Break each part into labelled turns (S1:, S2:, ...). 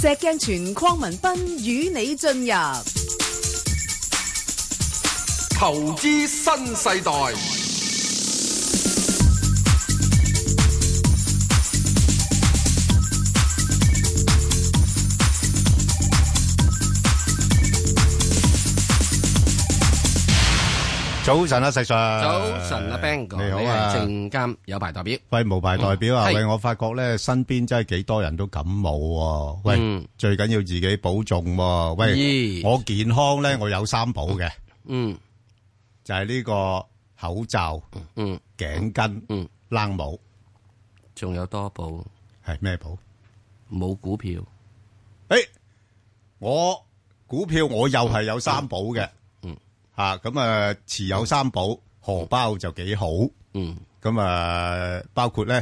S1: 石鏡泉鄺文斌與你進入
S2: 投資新世代。
S3: 早晨啊，細叔。早晨啊，Ben 哥。你好啊。證
S2: 監有牌代表。
S3: 喂，無牌代表啊！喂，我發覺咧，身邊真係幾多人都感冒。喂，最緊要自己保重喎。喂，我健康咧，我有三保嘅。嗯。就係呢個口罩。嗯。頸巾。嗯。冷帽。仲有多保？係咩保？冇股票。誒，我股票我又係有三保嘅。啊，咁啊，持有三寶，荷包就幾好。嗯，咁啊，包括咧，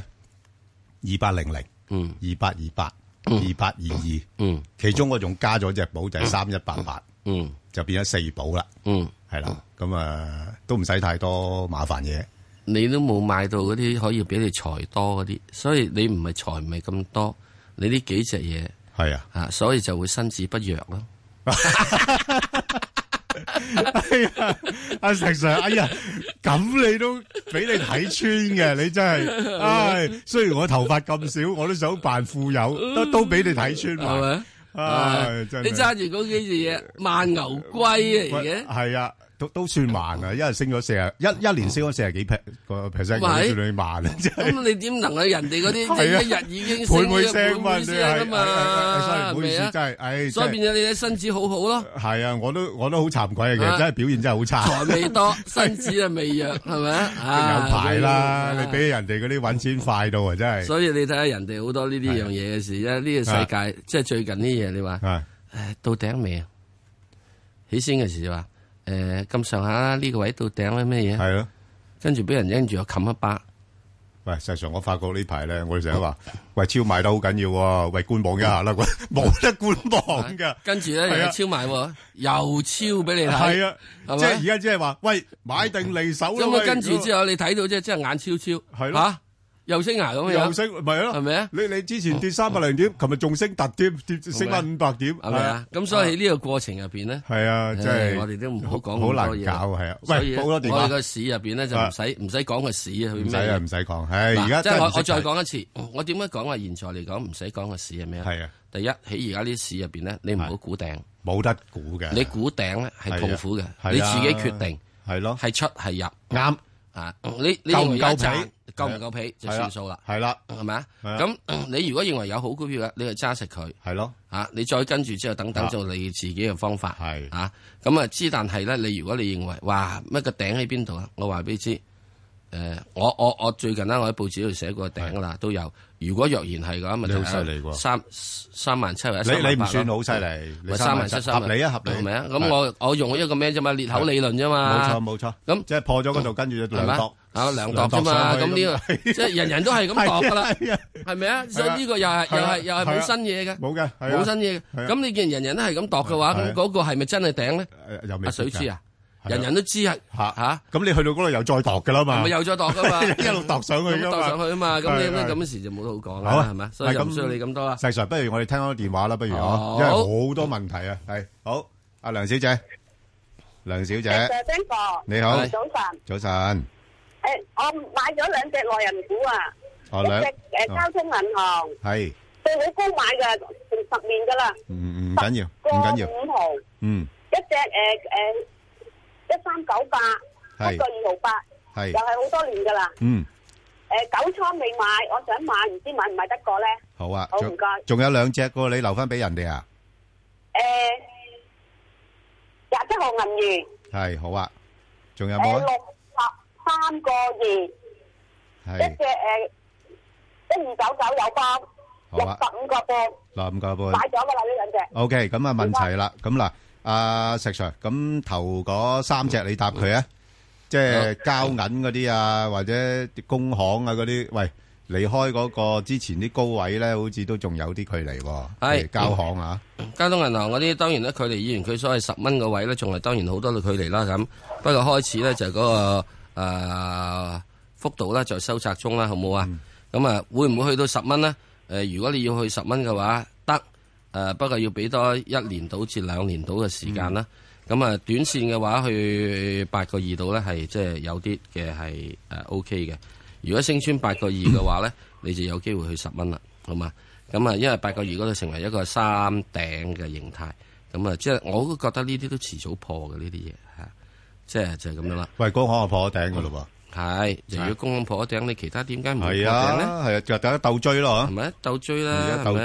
S3: 二八零零，嗯，二八二八，二八二二，嗯，其中我仲加咗隻寶就係三一八八，嗯，就變咗四寶啦。嗯，係、嗯、啦，咁啊，都唔使太多麻煩嘢。你都冇買到嗰啲可以俾你
S2: 財多嗰啲，所以你唔係財唔係咁多，你呢幾隻嘢係啊，啊，所以就會身子不弱咯。
S3: 哎呀，阿、啊、石 Sir，哎呀，咁你都俾你睇穿嘅，你真係。唉，哎，雖然我頭髮咁少，我都想扮富有，都都俾你睇穿，係咪？你揸
S2: 住嗰幾件嘢，萬牛龜嚟嘅，
S3: 係啊。都都算慢啊，一日升咗四十，都算你慢啊！一日升咗四啊一一年升咗四十幾 percent，啊！咁
S2: 你點能啊？人哋嗰啲一日已經升咗咁意啊嘛、啊，真係、啊哎，所以變咗你啲身子好好咯。
S3: 係啊，我都我都好慚愧啊！其實真係表現真係好差，財
S2: 未多，身子啊未弱，係咪、啊啊、有排啦、啊！你比人哋嗰啲揾錢快到啊！真係。所以你睇下人哋好多呢啲樣嘢嘅事，因呢、啊呢個世界、啊、即係最近啲嘢，你話誒、啊哎、到頂未啊？起先嘅時就話。誒，咁上
S3: 下呢個位到頂咧咩嘢？係咯，跟住俾人拎住我冚一巴。喂，事實上我發覺呢排咧，我哋成日話喂超買得好緊要喎，喂觀望一下啦，冇得
S2: 觀望噶。跟住咧而家超買，又超俾你睇。係啊，即係而家只係話喂買定離手咁啊，跟住之後你睇到即係即係眼超超，係咯。又升啊咁樣，係
S3: 咪啊？你你之前跌三百零點，琴日仲升突跌，跌升返五百點，係咪啊？咁所以
S2: 喺呢個過程入邊咧，係啊，即係我哋都唔好講咁多嘢，好難搞，係啊。喂，好多電話，我哋個市入邊咧就唔使唔使講個市啊，佢咩啊？唔使講，唉，而家即係我我再講一次，我點樣講話現在嚟講唔使講個市係咩啊？係啊，第一喺而家呢啲市入邊咧，你唔好估頂，冇得估嘅，你估頂咧係痛苦嘅，你自己決定係咯，係出係入啱啊？夠唔夠睇？夠唔夠皮就算數啦，係啦，係咪啊？咁 你如果認為有好股票嘅，你就揸實佢，係咯吓，你再跟住之後等等做你自己嘅方法，係啊咁啊知，但係咧，你如果你認為哇乜個頂喺邊度啊？我話俾你知，誒、呃，我我我最近咧，我喺報紙度寫過個頂啦，都有。如果若然係咁，咪好犀利喎，三三萬七，你你唔算好犀利，三萬七三，你一
S3: 合理係啊？咁我
S2: 我用一個咩啫嘛？裂口理論啫嘛，冇錯
S3: 冇錯。咁即係破咗嗰度，跟住就兩啊，兩度啫嘛，咁呢個即係人人都係咁度噶啦，
S2: 係咪啊？所以呢個又係又係又係冇新嘢嘅，冇嘅，冇新嘢嘅。咁你見人人都係咁度嘅話，咁嗰個係咪真係頂
S3: 咧？阿水知啊，人人都知啊，吓，咁你去到嗰度又再度噶啦嘛，咪又再度噶嘛，
S2: 一路度上去噶嘛，度上去啊嘛，咁你咁時就冇得好講啦，係咪？所以咁，唔需要你咁多啦。細
S3: Sir，不如我哋聽下電話啦，不如嗬，因為好多問題啊，係好，阿梁小姐，梁小姐，
S1: 你好，早晨，
S3: 早晨。
S1: 誒，我買咗
S3: 兩隻內人
S1: 股啊，一隻誒交通銀行係，最好高買嘅成十年噶啦，
S3: 唔緊要，唔緊要五毫，嗯，一隻誒
S1: 誒一三九八，一個二毫八，係又係好多
S3: 年噶
S1: 啦，嗯，誒九倉未買，我想買，唔知買唔買得過咧？
S3: 好啊，好唔該，仲有兩隻個你留翻俾人哋啊，誒，廿七號
S1: 銀元
S3: 係好啊，仲有冇啊？三個二，一隻誒，一二
S1: 九九有包，六十五個半，
S3: 六十五個半買咗噶啦呢兩隻。O K，咁啊問齊啦。咁嗱，阿石 Sir，咁頭嗰三隻你答佢啊，即係交銀嗰啲啊，或者工行啊嗰啲。喂，離開嗰個之前啲高位咧，好似都仲有啲距離喎。係交行啊，
S2: 交通銀行嗰啲當然咧，距離以前佢所謂十蚊嗰位咧，仲係當然好多嘅距離啦。咁不過開始咧就係嗰個。啊，幅度咧就收窄中啦，好冇啊？咁、嗯、啊，會唔會去到十蚊呢？誒、呃，如果你要去十蚊嘅話，得誒、呃，不過要俾多一年到至兩年到嘅時間啦。咁、嗯、啊，短線嘅話去八個二度呢，係即係有啲嘅係誒 OK 嘅。如果升穿八個二嘅話呢， 你就有機會去十蚊啦，好嘛？咁啊，因為八個二嗰度成為一個三頂嘅形態，咁啊，即、就、係、是、我都覺得呢啲都遲早破嘅呢啲嘢。即係就係、是、
S3: 咁樣啦。喂，講好我婆婆，我破咗頂噶嘞喎！
S2: 係，就要公行破頂，你其他點解唔破頂咧？
S3: 係啊，啊，就大家鬥追咯、啊，嚇，咪鬥追啦，鬥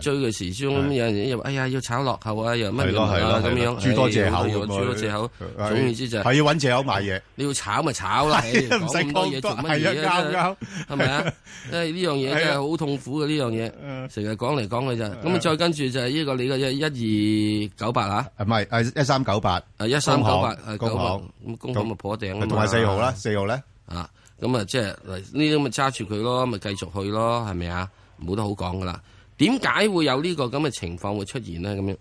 S2: 追嘅時鐘有陣時、啊、哎呀，要炒落後啊，又乜嘢啊咁樣，注多借口、哎欸、口，注多借口，總之就係，係要揾借口買嘢，你要炒咪炒啦，唔使咁多嘢做乜嘢啊？係啊，拗嘅係咪啊？即係呢樣嘢真係好痛苦嘅呢樣嘢，成日講嚟講去就係咁，再跟住就係呢個你嘅一一二九八啊，
S3: 唔係誒一三九八，一三九八，九公咁公行咪破頂，同埋四號啦，
S2: 四號啊，咁啊、就是，即係呢啲咁咪揸住佢咯，咪繼續去咯，係咪啊？冇得好講噶啦。點解會有呢、這個咁嘅情況會出現咧？咁樣誒、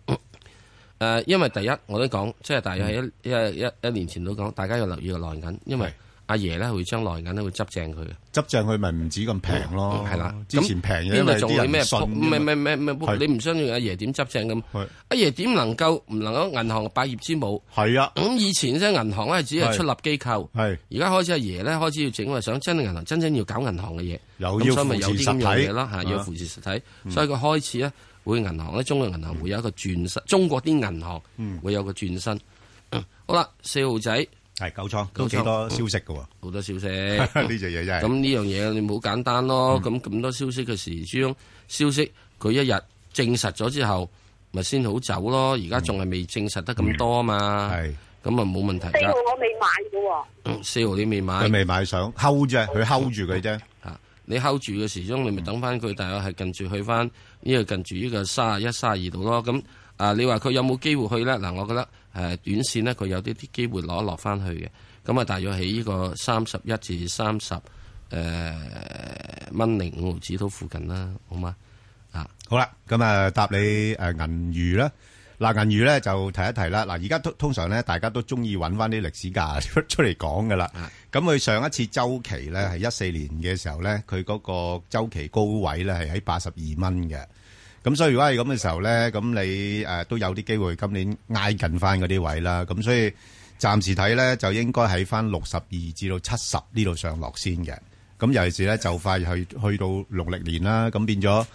S2: 呃，因為第一我都講，即、就、係、是、大約一、嗯、一一,一年前都講，大家要留意個內銀，因為。阿爺咧會將來銀咧會執正佢嘅，
S3: 執正佢咪唔止咁平咯？係、嗯、啦，之前平嘅因為仲有咩
S2: 咩你唔相信阿爺點執正咁？阿爺點能夠唔能夠銀行百業之母？係啊，咁、嗯、以前銀呢，銀行咧只係出立機構，係而家開始阿爺咧開始要整，個想真係銀行真正要搞銀行嘅嘢，有要扶持實體，吓要扶持實體，所以佢開始咧會銀行咧，中國銀行會有一個轉身、嗯，中國啲銀行會有個轉身、嗯嗯。好啦，四號仔。係，九倉，九倉都幾多消息嘅喎，好、嗯嗯、多消息。呢隻嘢真係咁呢樣嘢，你冇簡單咯。咁、嗯、咁多消息嘅時鐘，消息佢一日證實咗之後，咪先好走咯。而家仲係未證實得咁多吖嘛。係、嗯，咁啊冇問題。四號我
S1: 未買嘅
S2: 喎、哦嗯，四號你未買，佢未買上，睺啫，佢睺住佢啫。啊，你睺住嘅時鐘，你咪等翻佢，大概係近住去翻呢、嗯、個近住呢個三十一三十二度咯。咁啊，你話佢有冇機會去咧？嗱、啊，我覺得。誒短線呢，佢有啲啲機會攞一落翻去嘅，咁啊，大約喺呢個三十一至三十
S3: 誒蚊零五毫子都附近啦，好嗎？啊，好啦，咁啊，答你誒銀娛啦，嗱銀娛咧就提一提啦，嗱而家通通常咧，大家都中意揾翻啲歷史價出嚟講噶啦，咁、啊、佢上一次週期咧係一四年嘅時候咧，佢嗰個週期高位咧係喺八十二蚊嘅。咁所以如果係咁嘅時候咧，咁你誒都有啲機會今年挨近翻嗰啲位啦。咁所以暫時睇咧，就應該喺翻六十二至到七十呢度上落先嘅。咁尤其是咧，就快去去到農曆年啦。咁變咗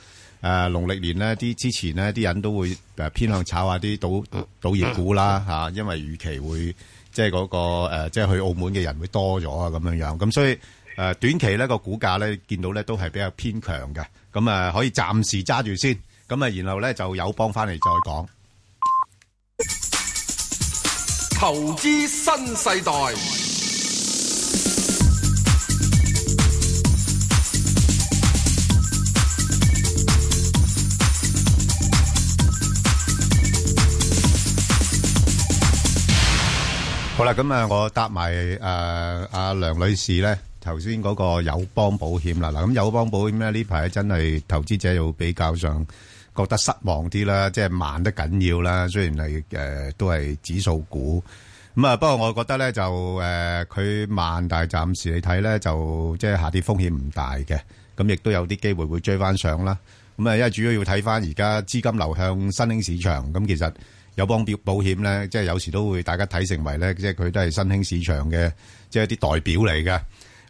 S3: 誒農曆年咧，啲之前咧啲人都會誒偏向炒下啲賭賭業股啦嚇，因為預期會即係嗰個誒，即係去澳門嘅人會多咗啊咁樣樣。咁所以誒短期咧個股價咧見到咧都係比較偏強嘅。咁誒可以暫時揸住先。咁啊，然後咧就友邦翻嚟再講。投資新世代。好啦，咁啊，我答埋誒阿梁女士咧。頭先嗰個友邦保險啦，嗱咁友邦保險咧呢排真係投資者又比較上覺得失望啲啦，即係慢得緊要啦。雖然係誒都係指數股，咁啊不過我覺得咧就誒佢慢，但係暫時你睇咧就即係下跌風險唔大嘅，咁亦都有啲機會會追翻上啦。咁啊因為主要要睇翻而家資金流向新興市場，咁其實友邦表保險咧，即係有時都會大家睇成為咧，即係佢都係新興市場嘅即係一啲代表嚟嘅。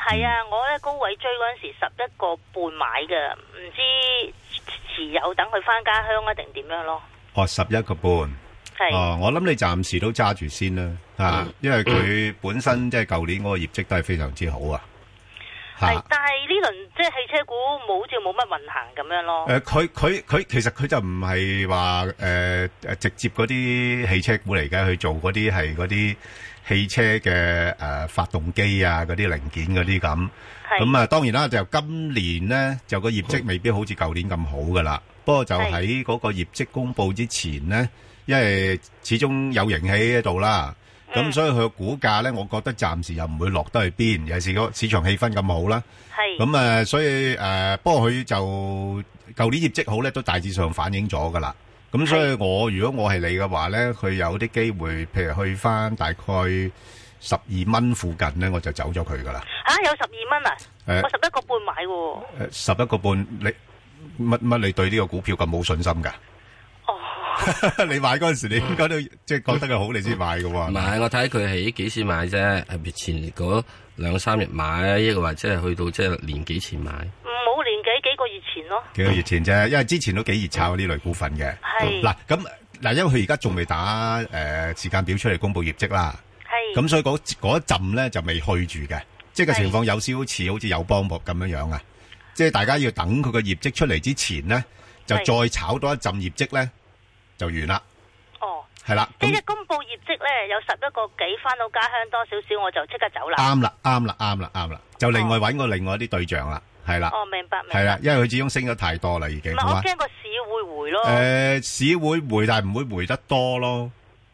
S1: 係啊，我咧高位追嗰陣時十一個半買㗎，唔知持有等佢翻家鄉啊，定點樣
S3: 咯？哦，十一個半，係，哦，我諗你暫時都揸住先啦、嗯啊，因為佢本身、嗯、即係舊年嗰個業績都係非常之好啊。係、啊。
S1: 但係呢輪即係汽車股冇，好似冇乜運行咁樣咯。誒、
S3: 呃，佢佢佢，其實佢就唔係話誒誒，直接嗰啲汽車股嚟㗎，去做嗰啲係嗰啲。汽車嘅誒、呃、發動機啊，嗰啲零件嗰啲咁，咁啊當然啦，就今年呢，就個業績未必好似舊年咁好噶啦。不過就喺嗰個業績公布之前呢，因為始終有人氣喺度啦，咁、嗯、所以佢個股價呢，我覺得暫時又唔會落得去邊，尤其是個市場氣氛咁好啦。咁啊，所以誒、呃，不過佢就舊年業績好呢，都大致上反映咗噶啦。咁所以我如果我係你嘅話咧，佢有啲機會，譬如去翻大概十二蚊附近咧，我就走咗佢噶啦。
S1: 啊，有十二蚊啊？我
S3: 十一個半買喎。呃、十一個半，你乜乜你對呢個股票咁冇信心噶？哦， 你買嗰陣時，你應該都即係覺得佢好，嗯、你先買嘅喎。唔、嗯、係，我
S2: 睇佢喺幾時買啫？係咪前嗰兩三日買，一個話即係去到即係
S3: 年幾前買。嗯以前咯，幾個月前啫、嗯，因為之前都幾熱炒呢類股份嘅。係嗱咁嗱，因為佢而家仲未打誒、呃、時間表出嚟，公布業績啦。係咁，所以嗰一陣咧就未去住嘅，即係個情況有少少似好似有幫布咁樣樣啊。即係大家要等佢個業績出嚟之前咧，就再炒多一陣業績咧，就完啦。哦，係啦。一公布業績咧，有十一個幾翻到家鄉多少少，
S1: 我就即刻走啦。啱啦，
S3: 啱啦，啱啦，啱啦，哦，就另外搵個另外一啲對象啦。係啦，哦，明白，明白，係啦，因為佢始終升咗太多啦，已經。嗱，我驚個市會回咯。誒，市會回，但係唔會回得多咯。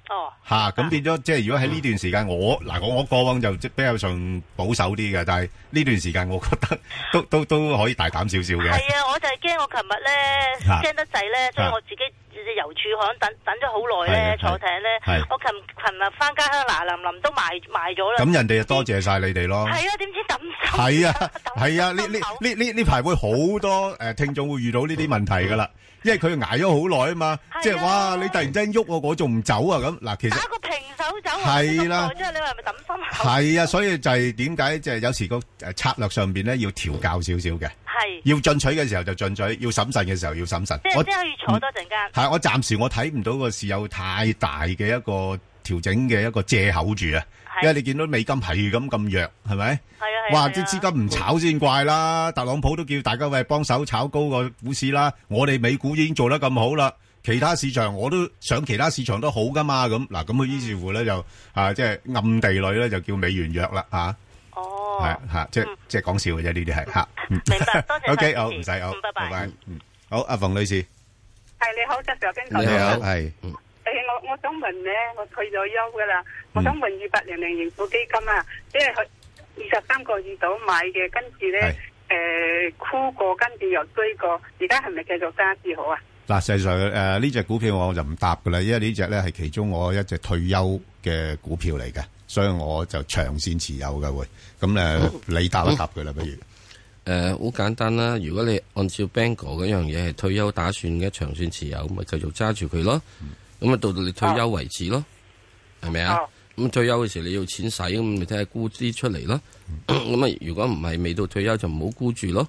S3: 哦，吓，咁變咗，即係如果喺呢段時間，我嗱，我我過往就比較上保守啲嘅，但係呢段時間，我覺得都都都可以大膽少少嘅。係啊，
S1: 我就係驚我琴日咧驚得滯咧，所以我自己。即係游處海等
S3: 等咗好耐咧，坐艇咧、啊啊，我琴琴日翻家
S1: 鄉，嗱林林都賣賣咗啦。
S3: 咁人哋就多謝晒你哋咯。係啊，點知抌心口？係啊，係啊，呢呢呢呢呢排會好多誒、呃、聽眾會遇到呢啲問題噶啦，因為佢捱咗好耐啊嘛，啊即係哇！你突然間喐我，我仲唔走啊咁嗱。其實打個平手走係啦，即係、啊啊、你話係咪抌心口？係啊，所以就係點解即係有時個誒、呃、策略上邊咧要調教少少嘅。要進取嘅時候就進取，要審慎嘅時候要審慎。即係可以坐多陣間。我暫時我睇唔到個市有太大嘅一個調整嘅一個藉口住啊。因為你見到美金係咁咁弱，係咪？係啊係啊。哇！啲資金唔炒先怪啦，特朗普都叫大家喂，幫手炒高個股市啦。我哋美股已經做得咁好啦，其他市場我都想，其他市場都好噶嘛。咁嗱，咁佢於是乎咧就、嗯、啊，即係暗地裏咧就叫美元弱啦啊。係吓，即係即係講笑嘅啫，呢啲係吓。明白，多謝。O K，好，唔使，好，拜拜，好，嗯，好，阿馮女士，係你好，
S1: 介紹跟台，你好，係。誒，我我想問
S3: 咧，
S1: 我退咗休噶啦，我想問二八零零盈富基金啊，即係佢二十三個月度買嘅，跟住咧，誒，沽過，跟住又追過，而家係咪繼續加至
S3: 好啊？嗱，事實上誒，呢隻股票我就唔答噶啦，因為呢隻咧係其中我一隻退休嘅股票嚟嘅。所以我就長線持有嘅會，咁咧你答一答佢啦，不如？誒、
S2: 呃、好簡單啦，如果你按照 Banker 嗰樣嘢係退休打算嘅長線持有，咪繼續揸住佢咯。咁、嗯、啊，那到到你退休為止咯，係、嗯、咪啊？咁、嗯、退休嘅時候你要錢使，咁咪睇下沽啲出嚟咯。咁、嗯、啊， 那如果唔係未到退休就唔好沽住咯。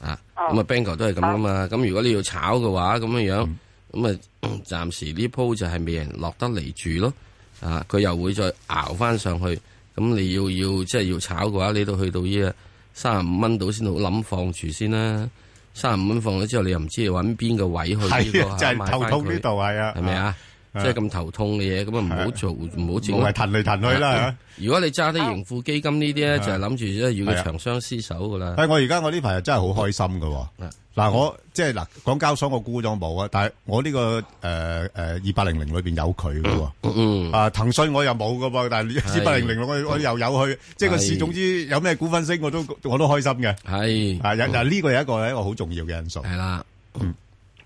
S2: 啊，咁啊 Banker 都係咁噶嘛。咁如果你要炒嘅話，咁樣咁啊，嗯嗯、暫時呢鋪就係未人落得嚟住咯。啊！佢又會再熬翻上去，咁你要要即係要炒嘅話，你到去到呢個三十五蚊度先度諗放住先啦，三十五蚊放咗之後，你又唔知揾邊個位去呢個，係啊，買翻佢，就係頭痛呢度，係啊，係咪啊？啊、即係咁頭痛嘅嘢，咁啊唔好做，唔、啊、好做。無係騰嚟騰去啦、啊啊、如果你揸啲盈富基金呢啲咧，就係諗住要與佢長相廝守噶啦。係、啊啊、
S3: 我而家我呢排真係好開心噶。嗱、啊啊，我即係嗱，港交所我沽咗冇啊，但係我呢、呢個誒誒二八零零裏邊有佢噶。嗯。啊，騰訊我又冇噶噃，但係二八零零我我又有佢。即係、啊就是、個市、啊，總之有咩股份升，我都我都開心嘅。係、啊。嗱、啊、呢、啊呢個係一個、啊、一個好重要嘅因素。係啦、啊。嗯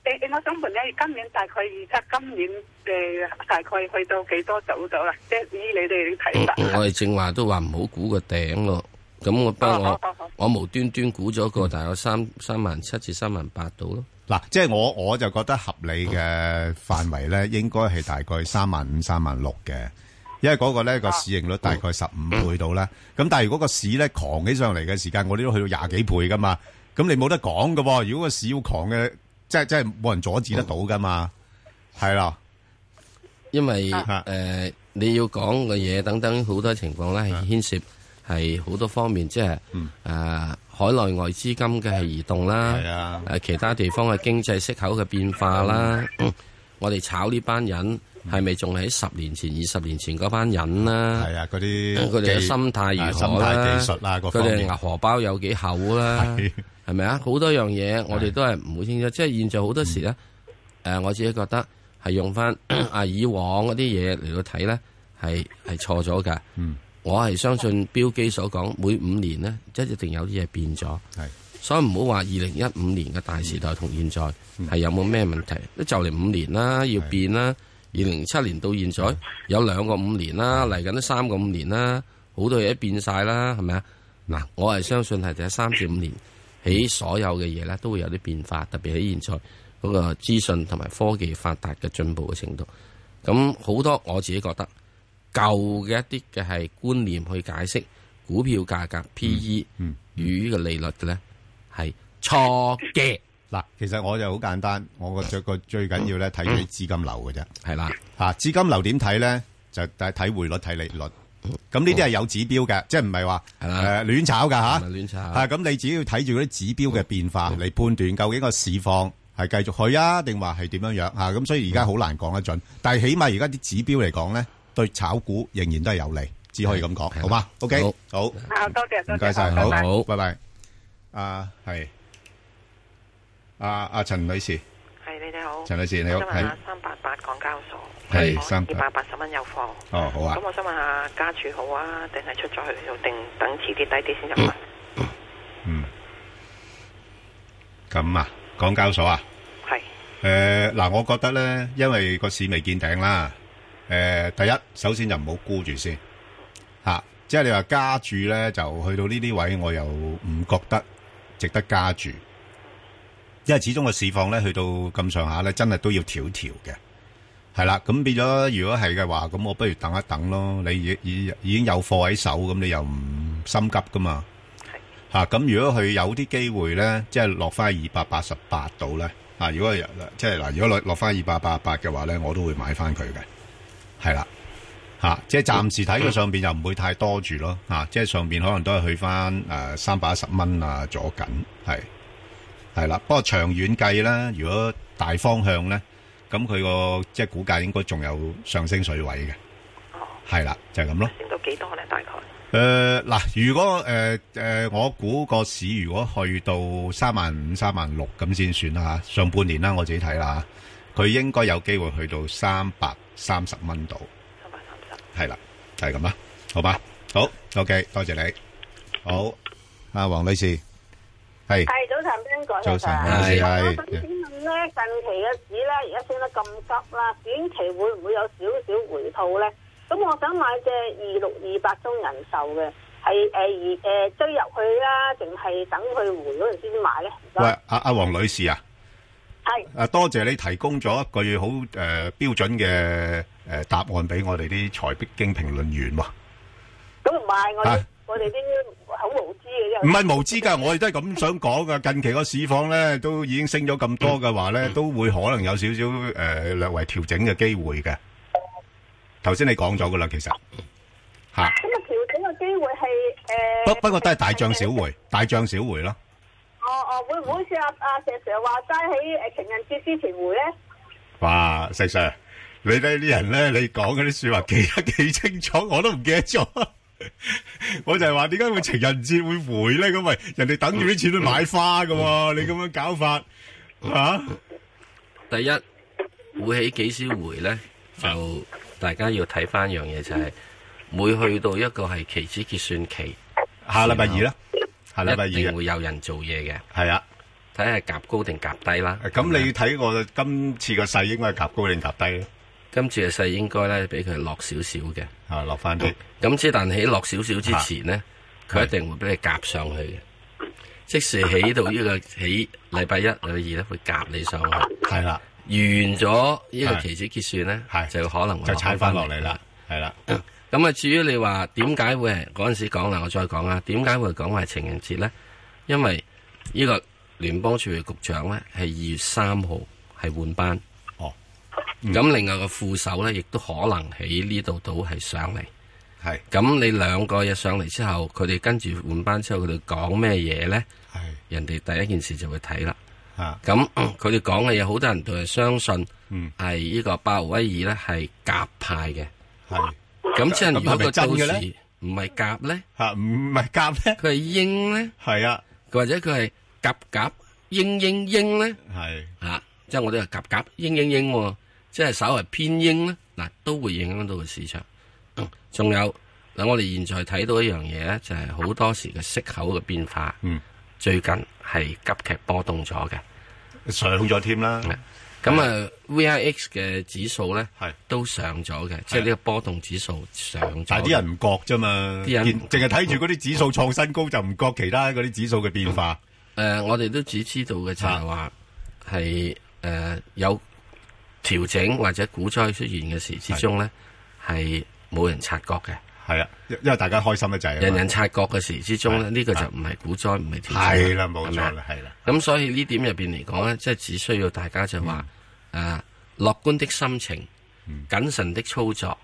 S1: 你你我想問咧，今年大概預
S2: 測今年大概去到幾多走走啦？即係依你哋睇法。嗯、我哋正話都話唔好估個頂咯。咁我幫我我無端端
S3: 估咗個，大概三三萬七至三萬八度咯。嗱、嗯，即係我我就覺得合理嘅範圍咧，應該係大概三萬五、三萬六嘅。因為嗰個咧個市盈率大概十五倍到啦。咁、啊嗯、但係如果個市咧狂起上嚟嘅時間，我哋都去到廿幾倍噶嘛。咁你冇得講噶。如果個市要狂嘅。即係即係冇人阻止得到噶嘛，係、嗯、啦，因為誒、啊呃、你要講嘅嘢
S2: 等等好多情況咧，係牽涉係好多方面，係即係誒、呃嗯、海內外資金嘅係移動啦，誒其他地方嘅經濟息口嘅變化啦，我哋炒呢班人係咪仲係喺十年前、嗯、二十年前嗰班人啦？係啊，嗰啲佢哋嘅心態如何啦？佢哋嘅荷包有幾厚啦？係咪啊？好多樣嘢，我哋都係唔會清楚。即係現在好多時咧，誒、嗯呃，我自己覺得係用翻啊以往嗰啲嘢嚟到睇咧，係係錯咗㗎。嗯，我係相信標基所講，每五年咧，即一定有啲嘢變咗。係，所以唔好話二零一五年嘅大時代同現在係有冇咩問題？就嚟五年啦，要變啦。二零七年到現在有兩個五年啦，嚟緊都三個五年啦，好多嘢變晒啦，係咪啊？嗱，我係相信係第三至五年。喺所有嘅嘢咧都會有啲變化，特別喺現在嗰個資訊同埋科技發達嘅進步嘅程度，咁好多我自己覺得舊嘅一啲嘅係觀念去解釋股票價格 P/E、嗯嗯、與呢個利率嘅
S3: 咧係錯嘅。嗱，其實我就好簡單，我個着個最緊要咧睇啲資金流嘅啫，係啦，嚇，資金流點睇咧就睇睇匯率睇利率。咁呢啲係有指標嘅，即係唔係話誒亂炒噶吓，係咁你只要睇住嗰啲指標嘅變化嚟判斷究竟個市況係繼續去啊，定話係點樣樣吓？咁所以而家好難講得準，但係起碼而家啲指標嚟講咧，對炒股仍然都係有利，只可以咁講，好嗎？OK，好。
S1: 啊，多謝，多謝晒，好，
S3: 拜拜。啊，係，阿阿陳女士，係你哋好，陳女士，你好。三八八港
S1: 交所。係、哦、三二百八十蚊有貨哦，好啊！咁我想問下，加注好啊，定係出咗去，定等次跌低
S3: 啲先入啊？嗯，咁啊，港交所啊，係誒嗱，我覺得咧，因為個市未見頂啦，誒、呃，第一，首先就唔好沽住先吓，即係你話加注咧，就去到呢啲位，我又唔覺得值得加注，因為始終個市況咧，去到咁上下咧，真係都要調調嘅。係啦，咁變咗，如果係嘅話，咁我不如等一等咯。你已已已經有貨喺手，咁你又唔心急噶嘛？係吓，咁、啊、如果佢有啲機會咧，即係落翻二百八十八度咧，如果即係嗱，如果落落翻二百八十八嘅話咧，我都會買翻佢嘅。係啦，吓、啊，即係暫時睇佢上邊又唔會太多住咯、嗯啊，即係上邊可能都係去翻誒三百一十蚊啊，呃、左緊係係啦。不過長遠計咧，如果大方向咧。咁佢個即係股價應該仲有上升水位嘅，係、哦、啦，就係、是、咁咯。升到幾多咧？大概？誒、呃，嗱，如果誒誒、呃呃，我估個市如果去到三萬五、三萬六咁先算啦吓，上半年啦，我自己睇啦吓，佢應該有機會去到三百三十蚊度。三百三十。係啦，就係咁啦，好吧。好，OK，多謝你。好，阿、啊、黃女士。
S1: 係，早晨，Ben 哥，Bingo，早晨，係。我想問咧，近期嘅市咧，而家升得咁急啦，短期會唔會有少少回吐咧？咁我想買隻二六二八中人壽嘅，係誒誒追入去啦，定係等佢回嗰陣先買
S3: 咧？喂，阿、啊、阿黃女士啊，係。啊，多謝你提供咗一個好誒、呃、標準嘅誒答案俾我哋啲財經評論員喎。
S1: 咁唔係我、啊，我哋啲好無。唔係無
S3: 知㗎，我亦都係咁想講嘅。近期個市況咧都已經升咗咁多嘅話咧，都會可能有少少誒略為調整嘅機會嘅。頭先你講咗㗎啦，其實
S1: 嚇。咁啊，調整嘅機會係誒。
S3: 不不過都係大漲小回，大漲小回咯。
S1: 哦哦，會唔會好似阿阿石 Sir
S3: 話齋喺誒情人節之前回咧？哇！石 Sir，你睇啲人咧，你講嗰啲説話記得幾清楚，我都唔記得咗。 我就係話點解會情人節會回咧？咁咪人哋等住啲錢去買花噶？你咁樣搞法，啊、
S2: 第一會起幾時回咧？就大家要睇翻樣嘢就係、是、每去到一個係期指結算期下禮拜二啦，下禮拜二一定會有人做嘢嘅。係啊，睇下夾高定夾低啦。咁你
S3: 睇我今次個勢應該夾高定夾低咧？今次嘅勢應該咧，俾佢落少少嘅，啊落翻到。
S2: 咁之但喺落少少之前咧，佢一定會俾你夾上去嘅。即時起到呢、這個 起禮拜一、禮拜二咧，會夾你上去。係啦，完咗呢個期指結算咧，就可能就踩翻落嚟啦。係啦。咁啊，嗯、至於你話點解會係嗰陣時講啦，我再講啦。點解會講話情人節咧？因為呢個聯邦儲備局長咧係二月三號係換班。咁、嗯、另外個副手咧，亦都可能喺呢度到係上嚟，係。咁你兩個嘢上嚟之後，佢哋跟住換班之後，佢哋講咩嘢咧？係。人哋第一件事就會睇啦。吓。咁佢哋講嘅嘢，好多人都係相信，嗯，係呢個鮑威爾咧係鴿派嘅，係。咁即係如果個都市唔係鴿咧，吓唔係鴿咧，佢係鷹咧？係啊，或者佢係鴿鴿鷹鷹鷹咧？係、啊。吓，即係我哋係鴿鴿鷹鷹鷹喎。即係稍為偏鷹咧，嗱都會影響到個市場。嗯，仲有嗱，我哋現在睇到一樣嘢咧，就係、是，好多時嘅息口嘅變化。嗯，最近係急劇波動咗嘅，上咗添啦。咁、嗯、啊，VIX 嘅指數咧，係都上咗嘅，即係呢個波動指數上咗。但係啲人
S3: 唔覺啫嘛，啲人淨係睇住嗰啲指數創新高就唔覺其他嗰啲指數嘅變化。誒、嗯呃，我哋都只知道嘅就係話係誒有，
S2: 調整或者股災出現嘅時之中咧，係冇人察覺嘅。係啊，因為大家開心嘅就係人人察覺嘅時之中咧，呢個就唔係股災，唔係調整。係啦，冇錯啦，係啦。咁所以呢點入邊嚟講咧，即係只需要大家就話，誒、嗯，樂觀的心情，謹慎的操作。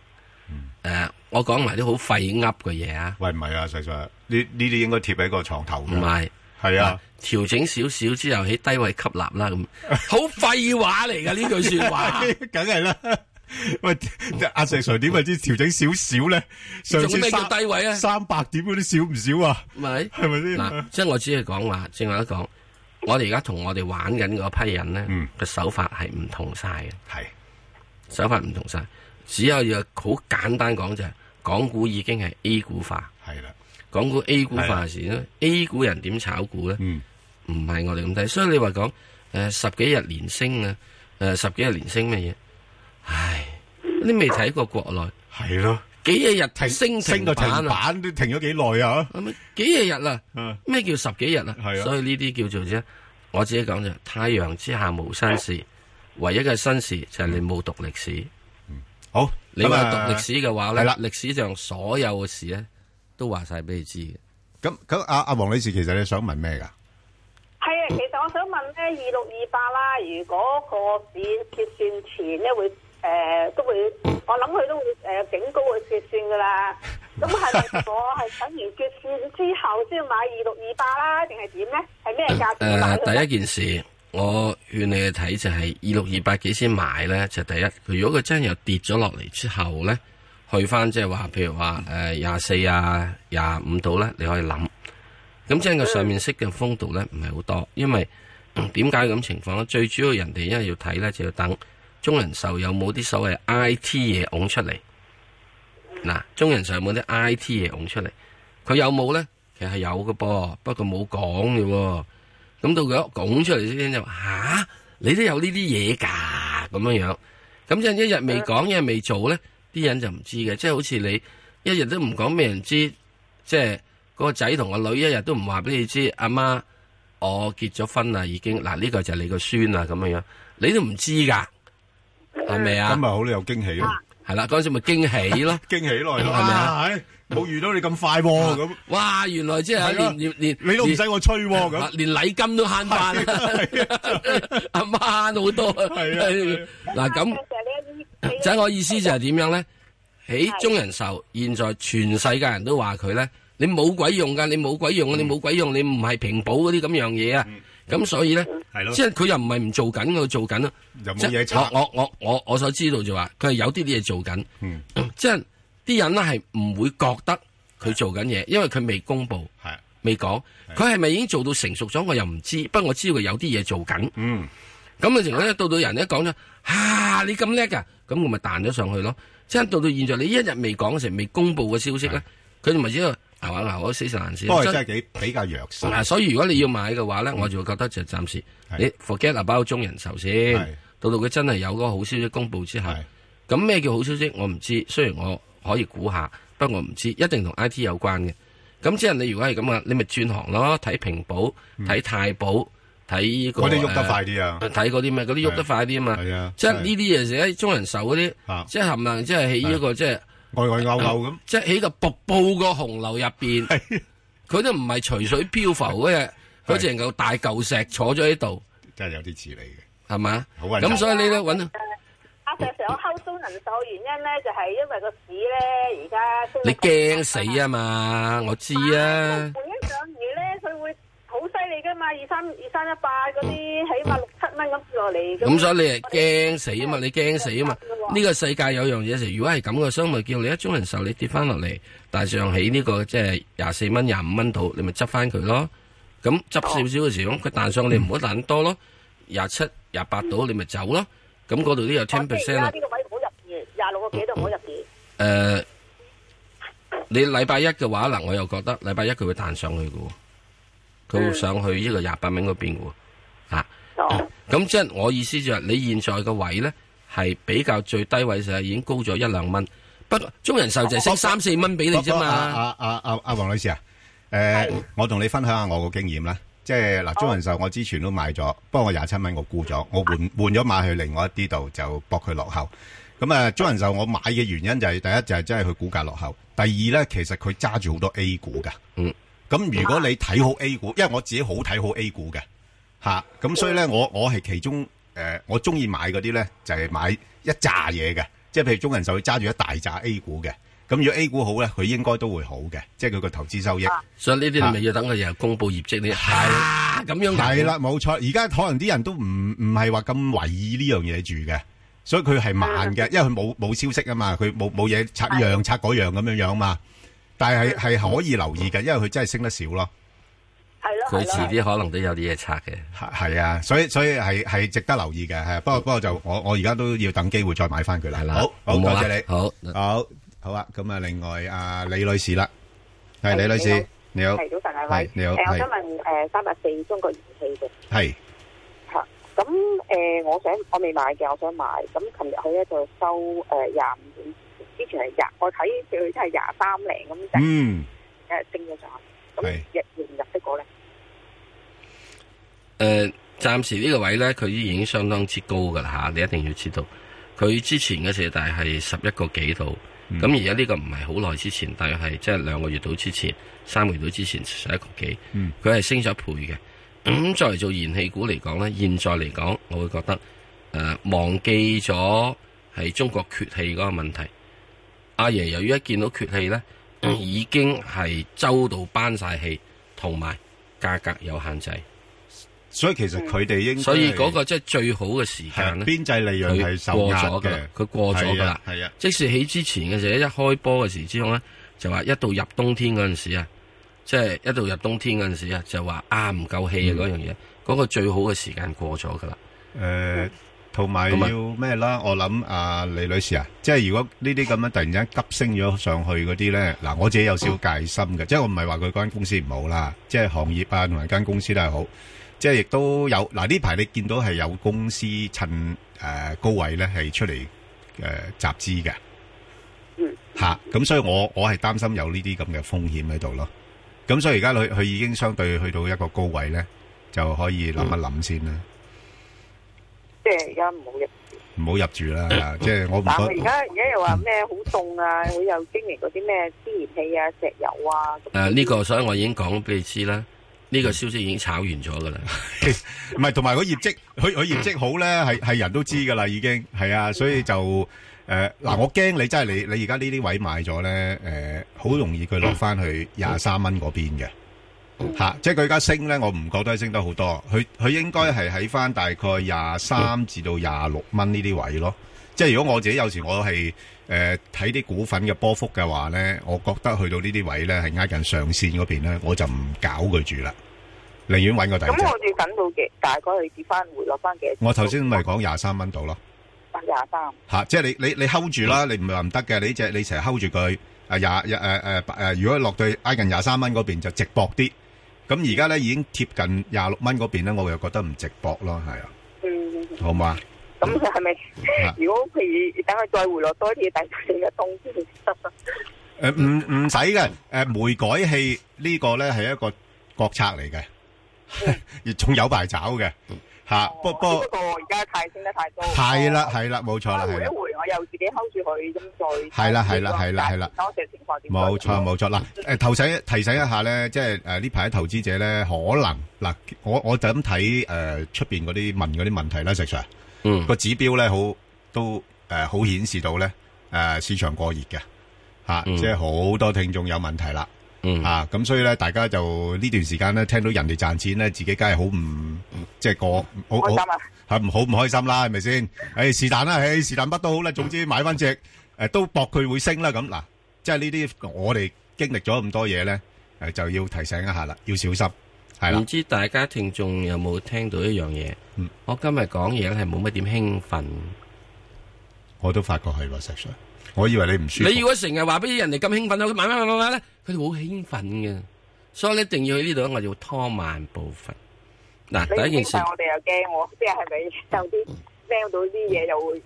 S2: 誒、呃，我講埋啲好廢噏嘅嘢啊。喂，唔係啊，實在，呢呢啲應該貼喺個床頭。唔係。係啊，調整少少之後喺低位吸納啦咁。好 廢話嚟噶呢句說話，
S3: 梗係啦。喂，阿石 Sir 點為之調整少少咧？仲、嗯、咩叫低位啊？三百點嗰啲少唔少啊？咪係，係咪先、啊？即係我只係講話，
S2: 正話講，我哋而家同我哋玩緊嗰批人咧，嘅、嗯、手法係唔同晒嘅。係手法唔同晒，只有要好簡單講就係、是，港股已經係 A 股化。係啦。港股 A 股化事咧、啊、，A 股人點炒股咧？唔、嗯、係我哋咁睇，所以你話講誒十幾日連升啊，誒、呃、十幾日連升乜嘢？唉，你未睇過國內係咯？幾日日停板升停板都停咗幾耐啊？吓，幾日日啦？咩叫十幾日啊？啊所以呢啲叫做啫，我自己講就太陽之下無新事，唯一嘅新事
S3: 就係你冇讀歷史、嗯。
S2: 好，你讀歷話讀歷史嘅話咧，歷、啊、史上所
S3: 有嘅事咧。都話晒俾你知咁，咁阿阿黃女士，其實你想問咩噶？係啊，其實我想問咧，二六
S1: 二八啦，如果個市結算前咧會誒、呃、都會，我諗佢都會誒整高個結算噶啦。咁係咪我係等完結算之後先買二六二八啦，定係點咧？係咩價錢？誒、嗯呃，第一
S2: 件事，我勸你去睇就係二六二八幾先買咧，就是、第一。如果佢真係又跌咗落嚟之後咧。去翻。即係話，譬、就是、如話誒廿四啊廿五度咧，你可以諗。咁即係個上面識嘅風度咧，唔係好多，因為點解咁情況咧？最主要人哋因為要睇咧，就要等中人壽有冇啲所謂 I T 嘢拱出嚟。嗱，中人壽有冇啲 I T 嘢拱出嚟？佢有冇咧？其實係有㗎噃，不過冇講嘅。咁到佢拱出嚟先就吓，你都有呢啲嘢噶咁樣樣。咁即係一日未講，一日未做咧。啲人就唔知嘅，即、就、係、是、好似你一日都唔講俾人知，即係個仔同個女一日都唔話俾你知，阿媽我結咗婚啦，已經嗱呢、這個就係你個孫啦咁樣樣，你都唔知噶，係、嗯、咪啊？咁咪好你有驚喜咯，係啦，嗰陣時咪驚喜咯，
S3: 驚 喜來咯，係咪啊？哎
S2: 冇遇到你咁快喎、啊，咁哇，哇，原來即係連、啊、連連你都唔使我催喎、啊，咁連禮金都慳翻，阿媽慳好多，係啊，嗱咁、啊，即係、啊啊啊啊啊啊啊啊嗯、我意思就係點樣咧？喜、啊、中人壽現在全世界人都話佢咧，你冇鬼用噶，你冇鬼用啊、嗯，你冇鬼用，你唔係平保嗰啲咁樣嘢啊，咁、嗯、所以咧，係咯、啊就是，即係佢又唔係唔做緊嘅，做緊咯，即係我我我我我所知道就話佢係有啲啲嘢做緊，嗯，即係。啲人咧係唔會覺得佢做緊嘢，因為佢未公布，未講，佢係咪已經做到成熟咗，我又唔知。不過我知道佢有啲嘢做緊。嗯，咁嘅情況咧，到到人一講咗嚇，你咁叻噶，咁我咪彈咗上去咯。即係到到現在你，你一日未講成未公布嘅消息咧，佢就唔知道係嘛嗱。我、啊啊啊啊啊啊、四十萬先，真係幾
S3: 比較弱勢、啊。
S2: 所以如果你要買嘅話咧、嗯，我就會覺得就暫時你 forget 嗱，包中人壽先。到到佢真係有嗰個好消息公佈之後，咁咩叫好消息我？我唔知。雖然我。可以估下，不過我唔知，一定同 IT 有關嘅。咁即係你如果係咁嘅，你咪轉行咯，睇平保、睇太保、睇呢、呢個。嗰啲喐得快啲啊！睇嗰啲咩？嗰啲喐得快啲啊嘛！即係呢啲嘢，而家中人壽嗰啲，即係可能即係起一個即係、嗰個、外外勾勾咁，即係起個瀑布個洪流入邊，佢都唔係隨水漂浮嘅，只，佢只能夠大嚿石坐咗喺度。
S3: 真係有啲似你
S2: 嘅，係嘛？咁所以你去揾啊！
S1: 我上收中人壽嘅原因咧，就
S2: 係因為個市咧而家。你驚死啊嘛！我知啊。換一漲跌咧，佢會好
S1: 犀利噶嘛？二三二三一八嗰啲，起碼六七蚊咁跌
S2: 落嚟。咁所以你係驚死啊嘛！你驚死啊嘛！呢個世界有樣嘢就係，如果係咁嘅，所以咪叫你一中人壽，你跌翻落嚟，但上起呢個即係廿四蚊、廿五蚊度，你咪執翻佢咯。咁執少少嘅時候，咁佢彈上你唔好彈多咯。廿七、廿八度你咪走咯。咁嗰度都有 ten percent 啦。即呢個位唔好入嘢，廿六個幾個都唔好入嘢。誒、嗯呃，你禮拜一嘅話嗱，我又覺得禮拜一佢會彈上去喎。佢會上去呢個廿八名嗰邊嘅。吓、啊，咁、嗯、即係我意思就係、是，你現在嘅位咧係比較最低位，就已經高咗一兩蚊。不，中人壽就係升三四蚊俾你啫嘛。啊，
S3: 啊啊阿王女士啊，誒、啊，我同你分享下我個經驗啦。即係嗱，中人壽我之前都買咗，不過我廿七蚊我沽咗，我換換咗買去另外一啲度就博佢落後。咁、嗯、啊，中人壽我買嘅原因就係、是、第一就係真係佢股價落後，第二咧其實佢揸住好多 A 股㗎。嗯。咁如果你睇好 A 股，因為我自己好睇好 A 股嘅咁、啊、所以咧我我係其中、呃、我中意買嗰啲咧就係、是、買一紮嘢嘅，即係譬如中人壽佢揸住一大扎 A 股嘅。咁如果 A 股好咧，佢應該都會好嘅，即係佢個投資收益。所以呢啲你咪要等佢又公布業績呢？係、啊、咁、啊、樣、就是。係啦，冇錯。而家可能啲人都唔唔係話咁留意呢樣嘢住嘅，所以佢係慢嘅、啊，因為佢冇冇消息啊嘛，佢冇冇嘢拆樣拆呢樣拆嗰樣咁樣樣啊嘛。但係係、啊、可以留意嘅，因為佢真係升得少咯。係
S2: 咯。佢遲啲可能都有啲嘢拆嘅。
S3: 係啊，所以所以係值得留意嘅。不過不過就我我而家都要等機會再買翻佢啦。好，好多謝，謝你。好。好好啊，咁啊，另外啊，李女士啦，係李女士，你好，早晨你，你，、呃、你好，我想
S1: 問誒，三百四中國燃氣嘅係吓咁誒，我想我未買嘅，我想買咁。琴日佢咧就收誒廿五點之前係廿，我睇佢真係廿三零咁，嗯誒，升咗上咁，
S2: 日日入入唔入得個咧？誒、呃，暫時呢個位咧，佢已經相當之高噶啦，吓、啊、你一定要知道，佢之前嘅市大係十一個幾度。咁、嗯、而家呢個唔係好耐之前，大約係即係兩個月到之前、三個月到之前十一個幾，佢、嗯、係升咗一倍嘅。咁作為做燃氣股嚟講呢，現在嚟講，我會覺得誒、呃、忘記咗係中國缺氣嗰個問題。阿爺由於一見到缺氣呢，已經係周到班晒氣，同埋價格有限制。
S3: 所以其實佢哋應該所以嗰個即係最好嘅時間咧，邊際利潤係受咗嘅，佢過咗噶啦。係啊，
S2: 即使喺之前嘅時候，一開波嘅時候之後咧，就話一到入冬天嗰陣時啊，即、就、係、是、一到入冬天嗰陣時啊，就話啊唔夠氣啊嗰樣嘢，嗰、嗯，
S3: 那個最好嘅時間過咗噶啦。誒、嗯，同、呃、埋要咩啦？我諗啊，李女士啊，即係如果呢啲咁樣突然間急升咗上去嗰啲咧，嗱、啊，我自己有少戒心嘅、嗯，即係我唔係話佢間公司唔好啦，即係行業啊同埋間公司都係好。即係亦都有嗱呢排你見到係有公司趁誒、呃、高位咧係出嚟誒、呃、集資嘅，嗯，吓、啊、咁所以我我係擔心有呢啲咁嘅風險喺度咯。咁所以而家佢佢已經相對去到一個高位咧，就可以諗一諗先啦。即
S1: 係而
S3: 家唔好入唔好入住啦。即、嗯、係、就是、我唔該。但係而家而
S1: 家又話咩好凍啊？好有經營嗰啲咩
S3: 天然氣啊、石油啊。誒，呢個所以我已經講俾你知啦。呢、呢個消息已經炒完咗㗎啦，唔係同埋個業績，佢佢業績好咧，係係人都知㗎啦。已經係啊，所以就誒嗱、呃，我驚你真係你你而家呢啲位買咗咧誒，好、呃、容易佢落翻去廿三蚊嗰邊嘅嚇，即係佢而家升咧，我唔覺得係升得好多。佢佢應該係喺翻大概廿三至到廿六蚊呢啲位咯。即係如果我自己有時我係。誒，睇啲股份嘅波幅嘅話咧，我覺得去到呢啲位咧，係挨近上綫嗰邊咧，我就唔搞佢住啦，寧願揾個大隻。咁我要
S1: 等到幾大概係跌翻回落翻幾？我
S3: 頭先咪講廿三蚊度咯，
S1: 廿三
S3: 吓，即係你你你 hold 住啦，你唔係話唔得嘅，你只你成日 hold 住佢啊廿一，誒誒誒，如果落到挨近廿三蚊嗰邊就直博啲，咁而家咧已經貼近廿六蚊嗰邊咧，我又覺得唔直博咯，係啊，好唔好啊？咁佢係咪？如果佢等佢再回落多啲，第二年嘅冬天濕濕。誒，唔唔使嘅。誒，煤改氣呢個咧係一個國策嚟嘅，亦仲有排找嘅吓。不過而
S1: 家太升得太多，係啦係啦，冇錯啦。回一回我又自己 hold 住佢，咁再係啦係啦係啦係啦，當時嘅情況點？冇錯
S3: 冇錯啦。誒，提醒提醒一下咧，即係誒呢排投資者咧，可能嗱我我就咁睇誒出邊嗰啲問嗰啲問題啦，實 Sir。嗯那個指標咧好都誒、呃、好顯示到咧誒、呃、市場過熱嘅吓，即係好多聽眾有問題啦咁、嗯啊、所以咧大家就呢段時間咧聽到人哋賺錢咧，自己梗係好唔即係過好好唔好唔開心啦係咪先？誒是但啦，誒是但乜、欸欸、都好啦，總之買翻隻誒都搏佢會升啦咁嗱，即係呢啲我哋經歷咗咁多嘢咧誒就要提醒一下啦，要小心。唔
S2: 知道大家聽眾有冇聽到一樣嘢？我今日講嘢係冇乜點興奮，
S3: 我都發覺係喎，石 s 我以為你唔舒服。你如果
S2: 成日話俾人哋咁興奮，我買買買買咧，佢哋好興奮嘅，所以你一定要去呢度，我要拖慢部分。嗱、啊，第一件事我哋
S1: 又驚，我即係係咪有啲？是到啲嘢又會，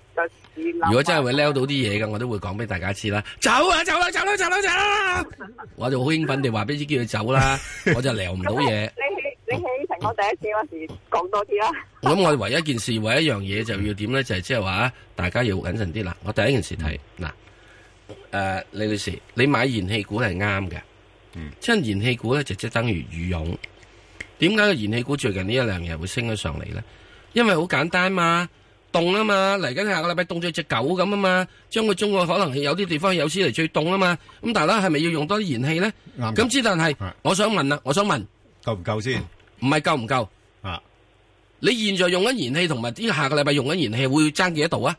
S1: 如果真係
S2: 會撩到啲嘢嘅，我都會講俾大家知啦。走啊走啦，啊，走啦，啊，走啦，啊走，啊、 走
S1: 啦！
S2: 我就好興奮地話俾自己叫佢走啦，我就撩唔到嘢。你喺你喺
S1: 陳第一次嗰時講多啲
S2: 啦。咁 我唯一一件事，唯一一樣嘢就要點咧？就係即係話，大家要謹慎啲啦。我第一件事睇嗱，誒，李女士，你買燃氣股係啱嘅，即、嗯、係燃氣股咧就即等於羽絨。點解個燃氣股最近一兩呢一兩日會升咗上嚟咧？因為好簡單嘛。凍啊嘛，嚟緊下，下個禮拜凍咗隻狗咁啊嘛，將個中國可能有啲地方有史以嚟最凍啊嘛，咁、嗯、大家咧係咪要用多啲燃氣咧？咁之但係，我想問啦，我想問夠唔夠先？唔係夠唔夠啊？夠夠是你現在用緊燃氣同埋呢下個禮拜用緊燃氣會爭幾多度啊？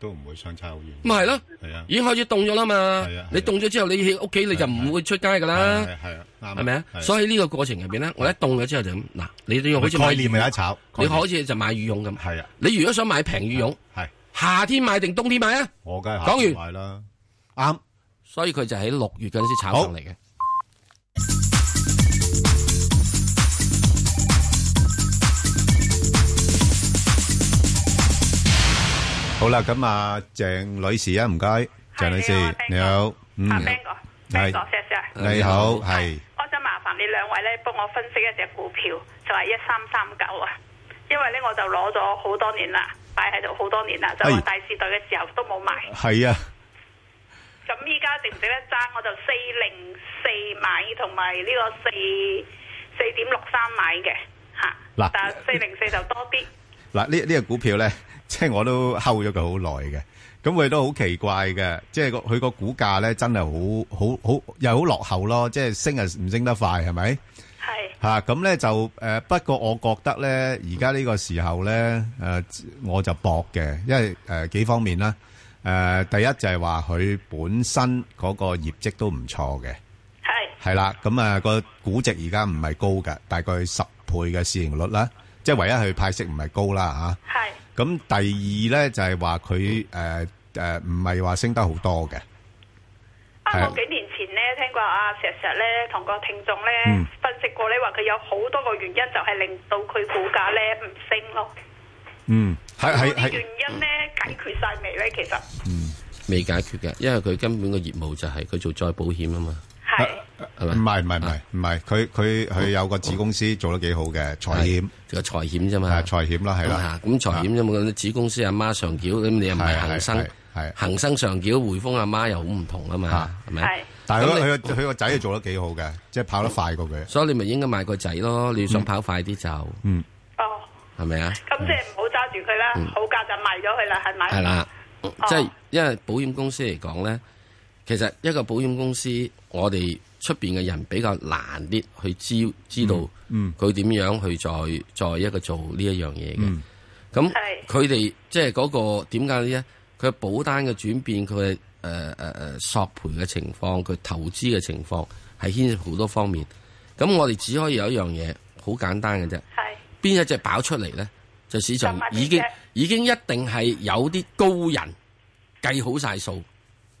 S3: 都唔會相
S2: 差好遠。咁咪係咯，已經開始凍咗啦嘛。啊啊、你凍咗之後，你喺屋企你就唔會出街噶啦。係啊，啱、啊，係咪啊，啊，啊，啊？所以呢個過程入邊咧，我一凍咗之後就咁嗱，你都用好似概念咪一炒，你好似就買羽絨咁。係啊，你如果想買平羽絨，係、啊啊、夏天買定冬天買啊？我梗係夏天買啦，啱。所以佢就喺六月嗰陣時炒上嚟嘅。
S3: 好啦，咁啊，鄭女士啊，唔該，鄭女士，你好，阿 Ben 哥？Ben 哥？Ben 哥？謝謝，你好，係。
S1: 我想麻煩你兩位咧，幫我分析一隻股票，就係一三三九啊，因為咧我就攞咗好多年啦，擺喺度好多年啦，就係大市跌嘅時候都冇賣。係啊。咁依家值唔值得揸？我就四零四買，同埋呢個四四點六三買嘅吓。嗱、啊，四零四就多啲。
S3: 嗱，呢呢隻股票咧。即係我都 hold 咗佢好耐嘅，咁佢都好奇怪嘅。即係個佢個股價咧，真係好好好，又好落後咯。即係升呀唔升得快，係咪？係。吓咁咧就誒，不過我覺得咧，而家呢個時候咧誒，我就搏嘅，因為誒幾方面啦。誒第一就係話佢本身嗰個業績都唔錯嘅，係係啦。咁啊個估值而家唔係高㗎，大概十倍嘅市盈率啦。即係唯一佢派息唔係高啦吓，係。咁第二咧就係話佢誒誒唔係話升得好多嘅。啊，我幾
S1: 年前咧聽過阿石石咧同個聽眾咧、嗯、分析過咧，話佢有好多個原因就係令到佢股價咧唔升咯。
S2: 嗯，
S3: 係係
S1: 係。嗰啲原因咧解決晒未咧？其實嗯，
S3: 未解決嘅，因為佢根本個業務就係佢做再保險啊嘛。唔係唔係唔係唔係，佢佢佢有個子公司做得幾好嘅財險，個財險啫嘛，財險啦係啦。咁財險啫嘛，子公司阿媽上繳，
S2: 咁你又唔係恒生，係恒生上繳，匯豐阿媽又好唔同啊嘛，係咪？但係佢佢個仔做得幾好嘅，嗯，即係跑得快過佢，所以你咪應該買個仔咯。你想跑快啲就，嗯，哦，嗯，係咪啊？咁即係唔
S1: 好揸住佢啦，好價就賣咗佢啦，係
S2: 咪？係、嗯、啦，即係因為保險公司嚟講咧。其實一個保險公司，我哋出邊嘅人比較難啲去知知道，嗯，佢、嗯、點樣去再再一個做、嗯那個、呢一樣嘢嘅。咁佢哋即係嗰個點解咧？佢保單嘅轉變，佢誒誒誒索賠嘅情況，佢投資嘅情況係牽涉好多方面。咁我哋只可以有一樣嘢，好簡單嘅啫。係邊一隻爆出嚟咧？就市場已經已經一定係有啲高人計好晒數。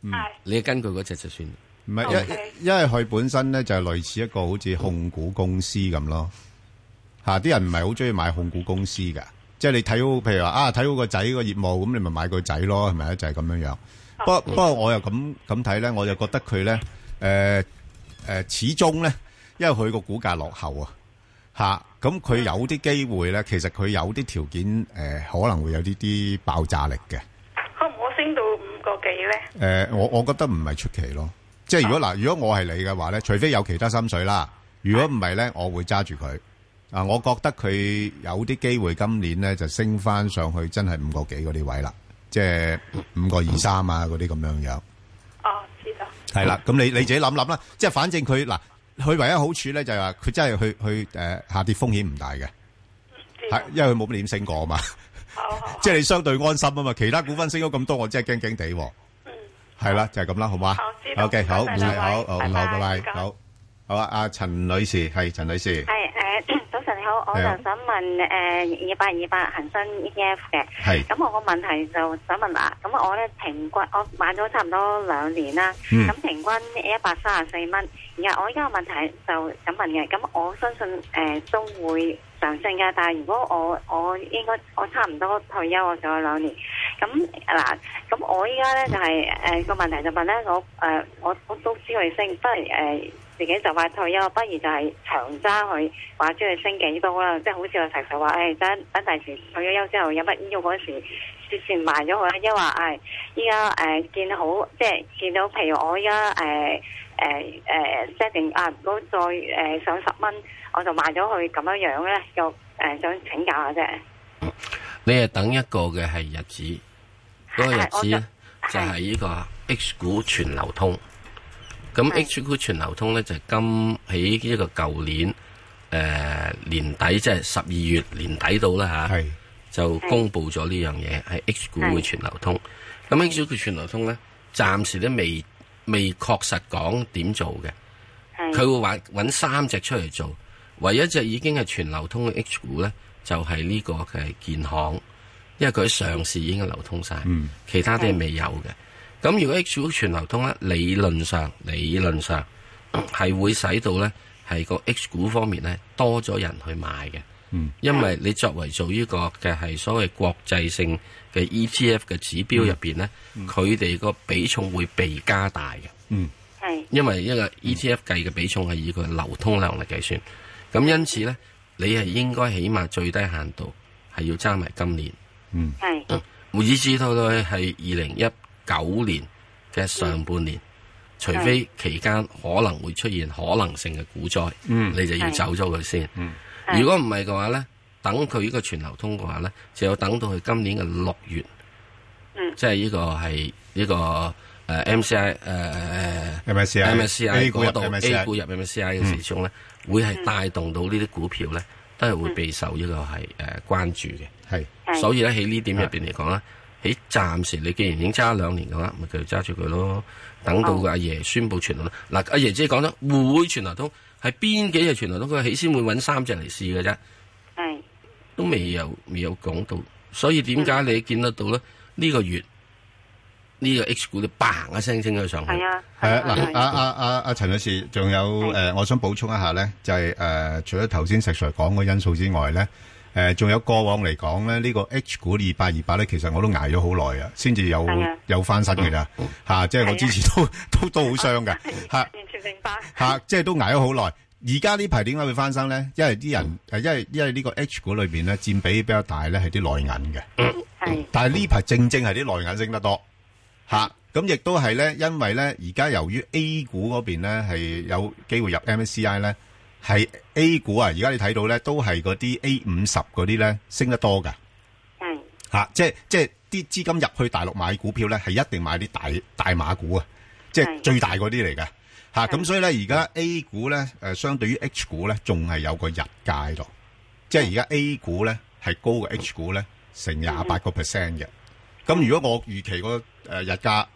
S2: 係、嗯，你根據嗰隻就算。唔
S3: 係，因、okay. 因為佢本身咧就係類似一個好似控股公司咁咯。吓、嗯，啲人唔係好中意買控股公司㗎，即、就、係、是、你睇好，譬如話啊，睇好個仔個業務，咁你咪買個仔咯，係咪啊？就係咁樣樣。不過、okay. 不過，不過我又咁咁睇咧，我就覺得佢咧，誒、呃、誒、呃，始終咧，因為佢個股價落後啊，吓，咁佢有啲機會咧，其實佢有啲條件誒、呃，可能會有呢啲爆炸力嘅。誒、呃，我我覺得唔係出奇咯，即係如果嗱、啊，如果我係你嘅話咧，除非有其他心水啦，如果唔係咧，我會揸住佢。啊，我覺得佢有啲機會今年咧就升翻上去，真係五個幾嗰啲位啦，即係五個二三啊，嗰啲咁樣樣。哦、啊，知道。係啦，咁你你自己諗諗啦，即係反正佢嗱，佢唯一好處咧就係、是、話，佢真係去去誒下跌風險唔大嘅，係因為佢冇乜點升過啊嘛。好好，即係你相對安心啊嘛，其他股份升咗咁多，我真係驚驚地。嗯，係啦，就係咁啦，好嘛？我知。O K，好，好，好，拜拜，好，好啊，阿陳女士，係陳女士。
S1: 係誒，早晨你好，我就想問誒二八二八恒生 E T F 嘅。係。咁我個問題就想問啦，咁我咧平均我買咗差唔多兩年啦，咁平均一百三十四蚊。而家我依家個問題就想問嘅，咁我相信誒都會。上升嘅，但係如果我我應該我差唔多退休了，我仲有兩年。咁嗱，咁我依家咧就係誒個問題就問咧，我誒、呃、我我都知佢升，不如誒、呃、自己就快退休，不如就係長揸去話知佢升幾多啦。即係好似我成日話誒，等等第時退咗休之後有乜醫藥嗰時，節錢埋咗佢，因為誒依家誒見好，即係見到譬如我依家誒。呃誒、呃、誒，設、呃、定啊，如果再誒、呃、上十蚊，我就
S2: 賣咗佢咁樣樣咧，又誒想請教下啫。你係等一個嘅係日子，嗰、那個日子咧就係呢、就是、個 H 股全流通。咁 H 股全流通咧就係、是、今喺呢個舊年誒、呃、年底，即係十二月年底到啦吓，就公布咗呢樣嘢，係 H 股會全流通。咁 H 股全流通咧，暫時都未。未確實講點做嘅，佢會話揾三隻出嚟做，唯一隻已經係全流通嘅 H 股呢，就係、是、呢個嘅建行，因為佢上市已經流通曬、嗯，其他啲未有嘅。咁如果 H 股全流通呢，理論上理論上係、嗯、會使到呢係個 H 股方面呢多咗人去買嘅、嗯，因為你作為做呢個嘅係所謂國際性。嘅 ETF 嘅指標入面呢，佢哋個比重會被加大嘅。嗯，
S1: 係，
S2: 因為一個 ETF 計嘅比重係以佢流通量嚟計算。咁因此呢，你係應該起碼最低限度係要揸埋今年。嗯，係、嗯。我意思都係喺二零一九年嘅上半年、嗯，除非期間可能會出現可能性嘅股災，嗯，你就要走咗佢先嗯。嗯，如果唔係嘅話呢。等佢呢個全流通嘅話咧，就要等到去今年嘅六月，嗯、即係呢個係呢、呢個誒、呃、MSCI 誒、呃、MSCI MSCI 嗰度 A 股入 MSCI 嘅時鐘咧、嗯，會係帶動到呢啲股票咧，都係會備受呢個係誒關注嘅。係、嗯、所以咧喺呢點入面嚟講咧，喺暫時你既然已經揸兩年嘅話，咪繼續揸住佢咯。等到、哦、阿爺宣布全流通，嗱、啊、阿爺即係講咗會全流通係邊幾隻全流通？佢起先會揾三隻嚟試嘅啫。都未有未有講到，所以點解你見得到咧？呢個月呢、呢個 H 股咧嘭一聲升咗上去。啊，
S3: 係啊。嗱、啊，阿阿阿阿陳女士，仲有誒、啊呃，我想補充一下咧，就係、是、誒、呃，除咗頭先石 Sir 講嘅因素之外咧，誒、呃，仲有過往嚟講咧，呢、呢個 H 股二八二八咧，其實我都挨咗好耐啊，先至有有翻身嘅啦嚇，即係、啊啊就是、我之前都都都好傷嘅嚇、啊啊，完全明白嚇，即、啊、係、就是、都挨咗好耐。而家呢排點解會翻身咧？因為啲人誒、嗯，因為因為呢個 H 股裏邊咧，占比比較大咧，係啲內銀嘅。係。但係呢排正正係啲內銀升得多吓，咁亦都係咧，因為咧，而家由於 A 股嗰邊咧係有機會入 MSCI 咧，係 A 股啊，而家你睇到咧都係嗰啲 A 五十嗰啲咧升得多噶吓、啊，即係即係啲資金入去大陸買股票咧，係一定買啲大大碼股啊，即係最大嗰啲嚟嘅。吓、啊、咁所以咧，而家 A 股咧，誒、呃，相對於 H 股咧，仲係有個日價喺度，即係而家 A 股咧係高過 H 股咧成廿八個 percent 嘅。咁、嗯、如果我預期、個誒、呃、日價，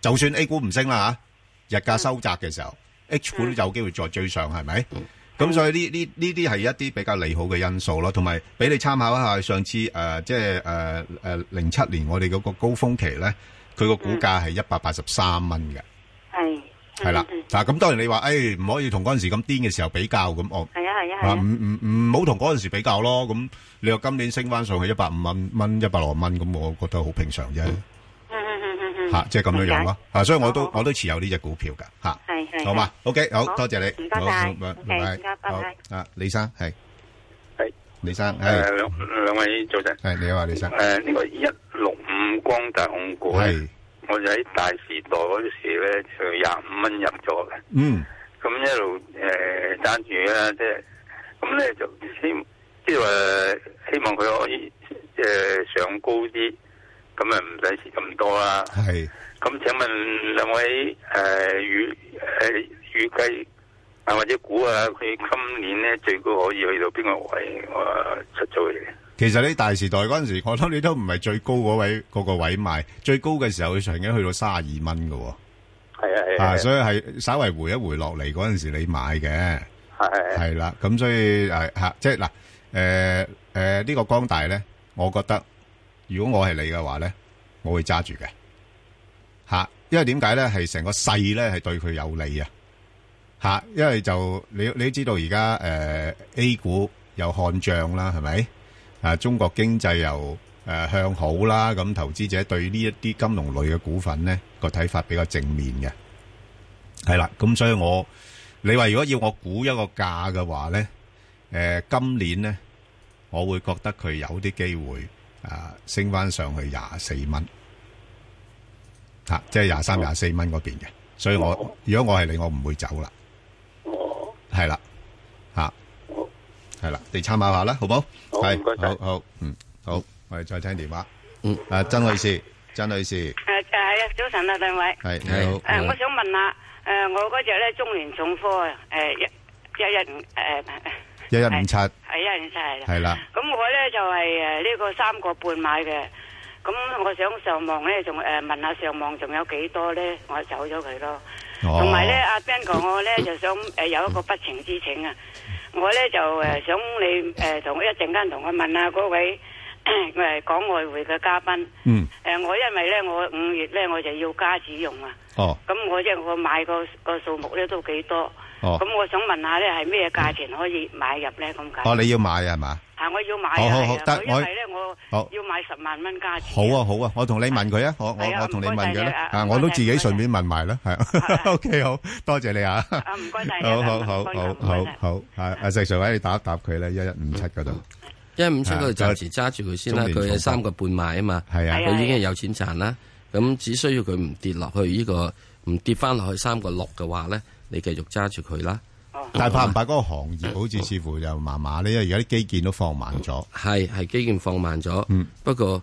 S3: 就算 A 股唔升啦吓、啊，日價收窄嘅時候、嗯、，H 股都有機會再追上，係、嗯、咪？咁所以呢呢呢啲係一啲比較利好嘅因素咯，同埋俾你參考一下上次誒，即係誒誒零七年我哋嗰個高峰期咧，佢個股價係一百八十三蚊嘅，係、嗯。
S1: 係啦，嗱咁
S3: 當然你話，誒唔可以同嗰陣時咁癲嘅時候比較咁哦，係啊係啊係啊，唔唔唔好同嗰陣時比較咯，咁你話今年升翻上去一百五蚊蚊一百零蚊，咁我覺得好平常啫，吓即係咁樣樣咯，吓所以我都我都持有呢隻股票噶，吓係係好嘛，OK 好多謝你，唔該晒，唔該，好啊，李生係，係李生係，兩兩位早晨，係你好啊，李生，誒呢個一六五光大控股。我就喺大時代嗰陣時咧，就廿五蚊入咗嘅。嗯，
S1: 咁一路誒揸住啦，即係咁咧就希即係話希望佢、即係、可以誒、呃、上高啲，咁啊唔使
S3: 蝕咁多啦。係，咁請問兩位誒預誒預計啊或者估下佢今年咧最高可以去到邊個位，我出咗嚟？其實你大時代嗰陣時，我覺得你都唔係最高嗰位嗰個位賣最高嘅時候，佢曾經去到卅二蚊㗎。係啊，係啊，所以係稍微回一回落嚟嗰陣時，你買嘅係係啦。咁所以誒吓、啊，即係嗱誒誒呢個光大咧，我覺得如果我係你嘅話咧，我會揸住嘅吓，因為點解咧？係成個勢咧係對佢有利啊吓，因為就你你知道而家誒 A 股有看漲啦，係咪？啊，中國經濟又、呃、向好啦，咁、啊啊、投資者對呢一啲金融類嘅股份呢個睇法比較正面嘅，係啦。咁所以我你話如果要我估一個價嘅話呢、呃，今年呢，我會覺得佢有啲機會啊，升翻上去廿四蚊，嚇，即係廿三、廿四蚊嗰邊嘅。所以我如果我係你，我唔會走啦。係啦。係啦，你參考下啦，好唔好？好，唔該晒，好好嗯好，我哋再聽電話。嗯，阿曾女士，曾女士，
S1: 誒，係啊，早晨啊，兩位
S3: 係，你好。誒，我
S1: 想問下，誒，我嗰隻咧中聯重科誒一一一五誒一一五七係一一五七係啦。係啦。咁我咧就係誒呢個三個半買嘅，咁我想上望咧，仲誒問下上望仲有幾多咧？我走咗佢咯。哦。同埋咧，阿 Ben 哥，我咧就想誒有一個不情之請啊。我咧就誒想你誒同我一陣間同我問下嗰位誒講外匯嘅嘉賓，嗯誒、呃、我因為咧我五月咧我就要家資用啊，咁、哦、我即係我買個個數目咧都幾多，咁、哦、我想問下咧係咩價錢可以買入咧咁解？哦，你
S3: 要買啊嘛？
S1: 我要買，好，好，好，得我要買十萬蚊價錢。
S3: 好啊，好啊，我同你問佢啊，我我我同你問佢咧。啊，我都自己順便問埋啦。係。O K，好多謝你啊！唔該好好好好好好，啊啊，石尚偉，你答一答佢咧，一一五七嗰度，一一五七嗰度暫時揸住佢先啦。佢係三個半賣啊嘛，係啊，佢已經有錢賺
S2: 啦。咁只需要佢唔跌落去，呢個唔跌翻落去三個六嘅話咧，你繼續揸住佢啦。但係怕唔怕
S3: 嗰個行業好似似乎就麻麻咧？因為而家啲基建
S2: 都放慢咗，係係基建放慢咗，嗯。不過誒、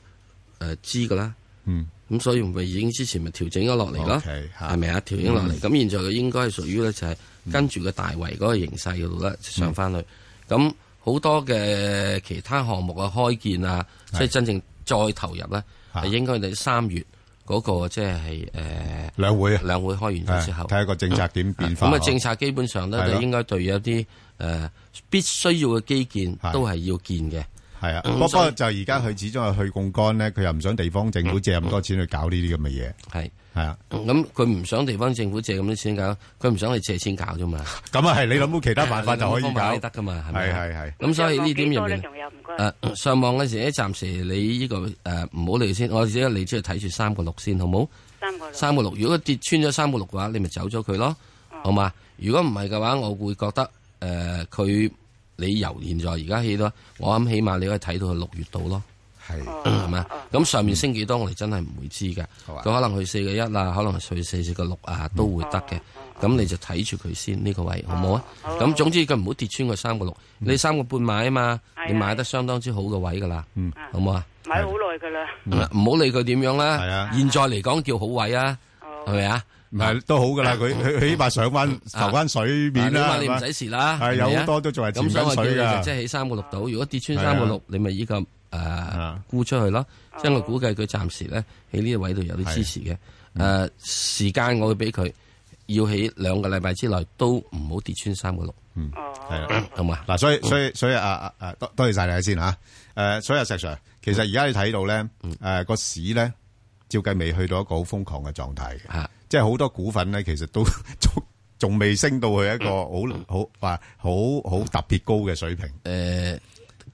S2: 呃、知噶啦。嗯，咁所以咪已經之前咪調整咗落嚟咯，係咪啊？調整落嚟，咁、嗯、現在佢應該係屬於咧就係跟住個大圍嗰個形勢嗰度咧上翻去。咁、嗯、好多嘅其他項目嘅開建啊，即係真正再投入咧，係應該喺三月。嗰、那個即係誒兩會，兩會開完之後，睇下個政策點變化。咁啊，政策基本上呢，就應該對一啲誒必須要嘅基建都係要建
S3: 嘅。係啊、嗯，不過就而家佢始終係去槓桿咧，佢又唔想地方政府借咁多錢去搞呢啲咁嘅嘢。係
S2: 係啊，咁佢唔想地方政府借咁多錢搞，佢唔想去借錢搞啫嘛。咁、嗯、啊、係、啊、你諗到、啊啊、到其他辦法就可以搞得噶嘛？系系係。咁所以呢點又唔，誒、嗯啊，上網嘅時暫時你呢、這個誒唔好嚟先，我只要嚟出去睇住三個六先，好冇？三個六，三個六。如果跌穿咗三個六嘅話，你咪走咗佢咯，好嘛、嗯？如果唔係嘅話，我會覺得誒佢。呃你由現在而家起到，我諗起碼你可以睇到佢六月度咯，係係咪啊？咁、哦哦、上面升幾多我哋真係唔會知嘅，佢、嗯、可能去四個一啦，可能去四四個六啊、嗯，都會得嘅。咁、哦、你就睇住佢先呢、呢個位、哦，好唔好啊？咁總之佢唔好跌穿個三個六，你三個半買啊嘛，你買得相當之好嘅位噶啦、嗯，好唔好啊？買
S1: 好耐㗎啦，
S2: 唔好理佢點樣啦、啊。現在嚟講叫好位啊，係咪啊？唔係都好噶啦，佢、啊、佢起碼
S3: 上翻浮翻水面啦。係啊，是是你唔使蝕啦。係有好多都仲係沾緊水噶。我預計即
S2: 係起三個六度，如果跌穿三個六，你咪依個誒沽出去咯。即係我估計佢暫時咧喺呢個位度有啲支持嘅。誒，時間我會俾佢，要喺兩個禮拜之
S3: 內都唔好跌穿三個六。嗯，係、呃、啦，同埋嗱，所以所以所以誒誒誒，多謝晒你先吓、啊。誒、啊，所以阿、啊、石 Sir，其實而家你睇到咧，誒、嗯啊那個市咧，照計未去到一個好瘋狂嘅狀態嘅。即係好多股份咧，其實都仲仲未升到去一個好好話好好特別高嘅水平。誒，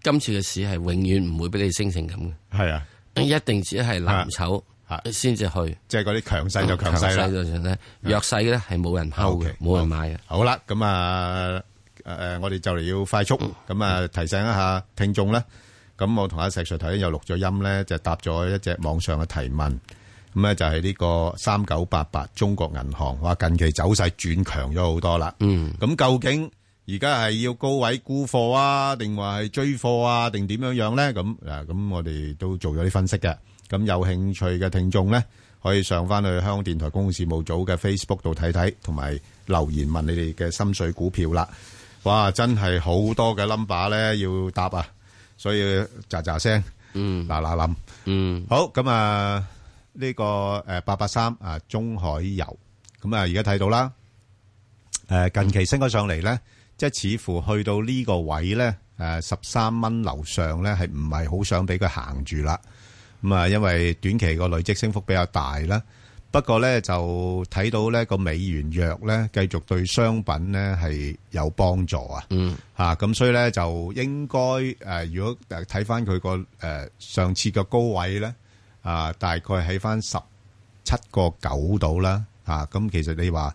S2: 今次嘅市係永遠唔會俾你升成咁嘅。係啊，一定只係藍籌
S3: 先至去。即係嗰啲強勢就強勢啦。弱勢咧係冇人拋嘅，冇人買嘅。好啦，咁啊誒，我哋就嚟要快速咁啊提醒一下聽眾啦。咁我同阿石 sir 頭先又錄咗音咧，就答咗一隻網上嘅提問。咁咧就係呢個三九八八中國銀行，哇！近期走勢轉強咗好多啦。嗯，咁究竟而家係要高位沽貨啊，定話係追貨啊，定點樣樣咧？咁嗱，咁我哋都做咗啲分析嘅。咁有興趣嘅聽眾咧，可以上翻去香港電台公共事務組嘅 Facebook 度睇睇，同埋留言問你哋嘅心水股票啦。哇！真係好多嘅 number 咧要答啊，所以喳喳聲，嗯，嗱嗱諗，嗯，好咁啊。呢、這個誒八八三啊，中海油咁啊，而家睇到啦。誒，近期升咗上嚟咧，即、嗯、係似乎去到呢個位咧，誒十三蚊樓上咧，係唔係好想俾佢行住啦？咁啊，因為短期個累積升幅比較大啦。不過咧就睇到咧個美元弱咧，繼續對商品咧係有幫助啊。嗯。吓、啊、咁，所以咧就應該誒、呃，如果睇翻佢個誒上次嘅高位咧。啊，大概喺翻十七個九度啦，啊，咁其實你話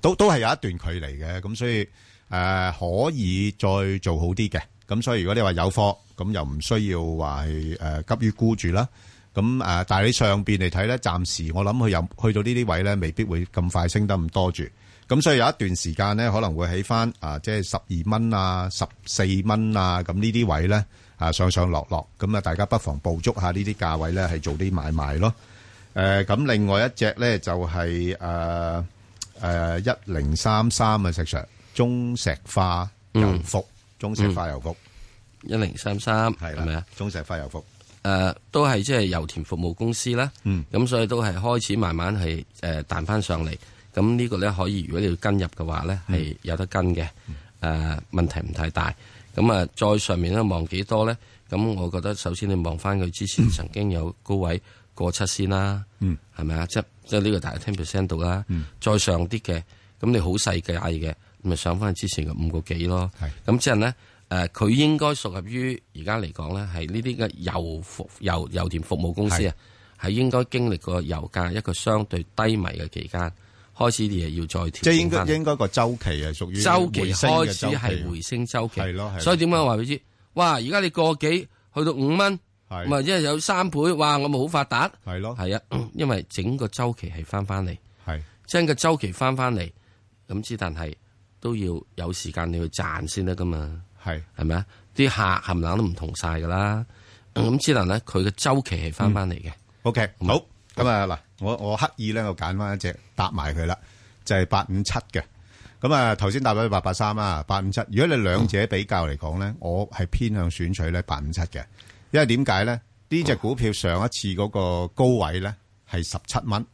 S3: 都都係有一段距離嘅，咁所以誒可以再做好啲嘅，咁所以如果你話有貨，咁又唔需要話係誒急於沽住啦，咁誒，但係你上邊嚟睇咧，暫時我諗佢有去到呢啲位咧，未必會咁快升得咁多住，咁所以有一段時間咧，可能會起翻啊，即係十二蚊啊、十四蚊啊，咁呢啲位咧。啊上上落落咁啊，大家不妨捕捉下呢啲價位咧，係做啲買賣咯。誒咁，另外一隻咧就係誒誒一零三三啊，石上中石化油服，中石化油服一零
S2: 三三係咪啊？中石化油服誒都係即係油田服務公司啦。嗯，咁所以都係開始慢慢係誒彈翻上嚟。咁呢個咧可以，如果你要跟入嘅話咧，係有得跟嘅。誒問題唔太大。咁啊，再上面咧望幾多咧？咁我覺得首先你望翻佢之前、嗯、曾經有高位過七先啦，係咪啊？嗯、係係即即呢、呢個大概 ten percent 度啦。再上啲嘅，咁你好細嗌嘅，咪上翻之前嘅五個幾咯。咁之後咧，誒、呃、佢應該屬於而家嚟講咧，係呢啲嘅油服油油田服務公司啊，係應該經歷過油價一個相對低迷嘅期間。開始啲嘢，要再調，即係應該應該個週期係屬於週期開始係回升週期，係咯，所以點解我話俾你知，哇！而家你個幾去到五蚊，咁啊，即係有三倍，哇！我咪好發達，係咯，係啊，因為整個週期係翻翻嚟，係將個週期翻翻嚟，咁之但係都要有時間你去賺先得噶嘛，係係咪啊？啲客含冷都
S3: 唔同晒噶啦，咁之但咧，佢個週期係翻翻嚟嘅。OK，好。咁啊嗱，我我刻意咧，我揀翻一隻搭埋佢啦，就係八五七嘅。咁啊，頭先搭咗八八三啊，八五七。如果你兩者比較嚟講咧，我係偏向選取咧八五七嘅，因為點解咧？嗯。呢隻股票上一次嗰個高位咧係十七蚊，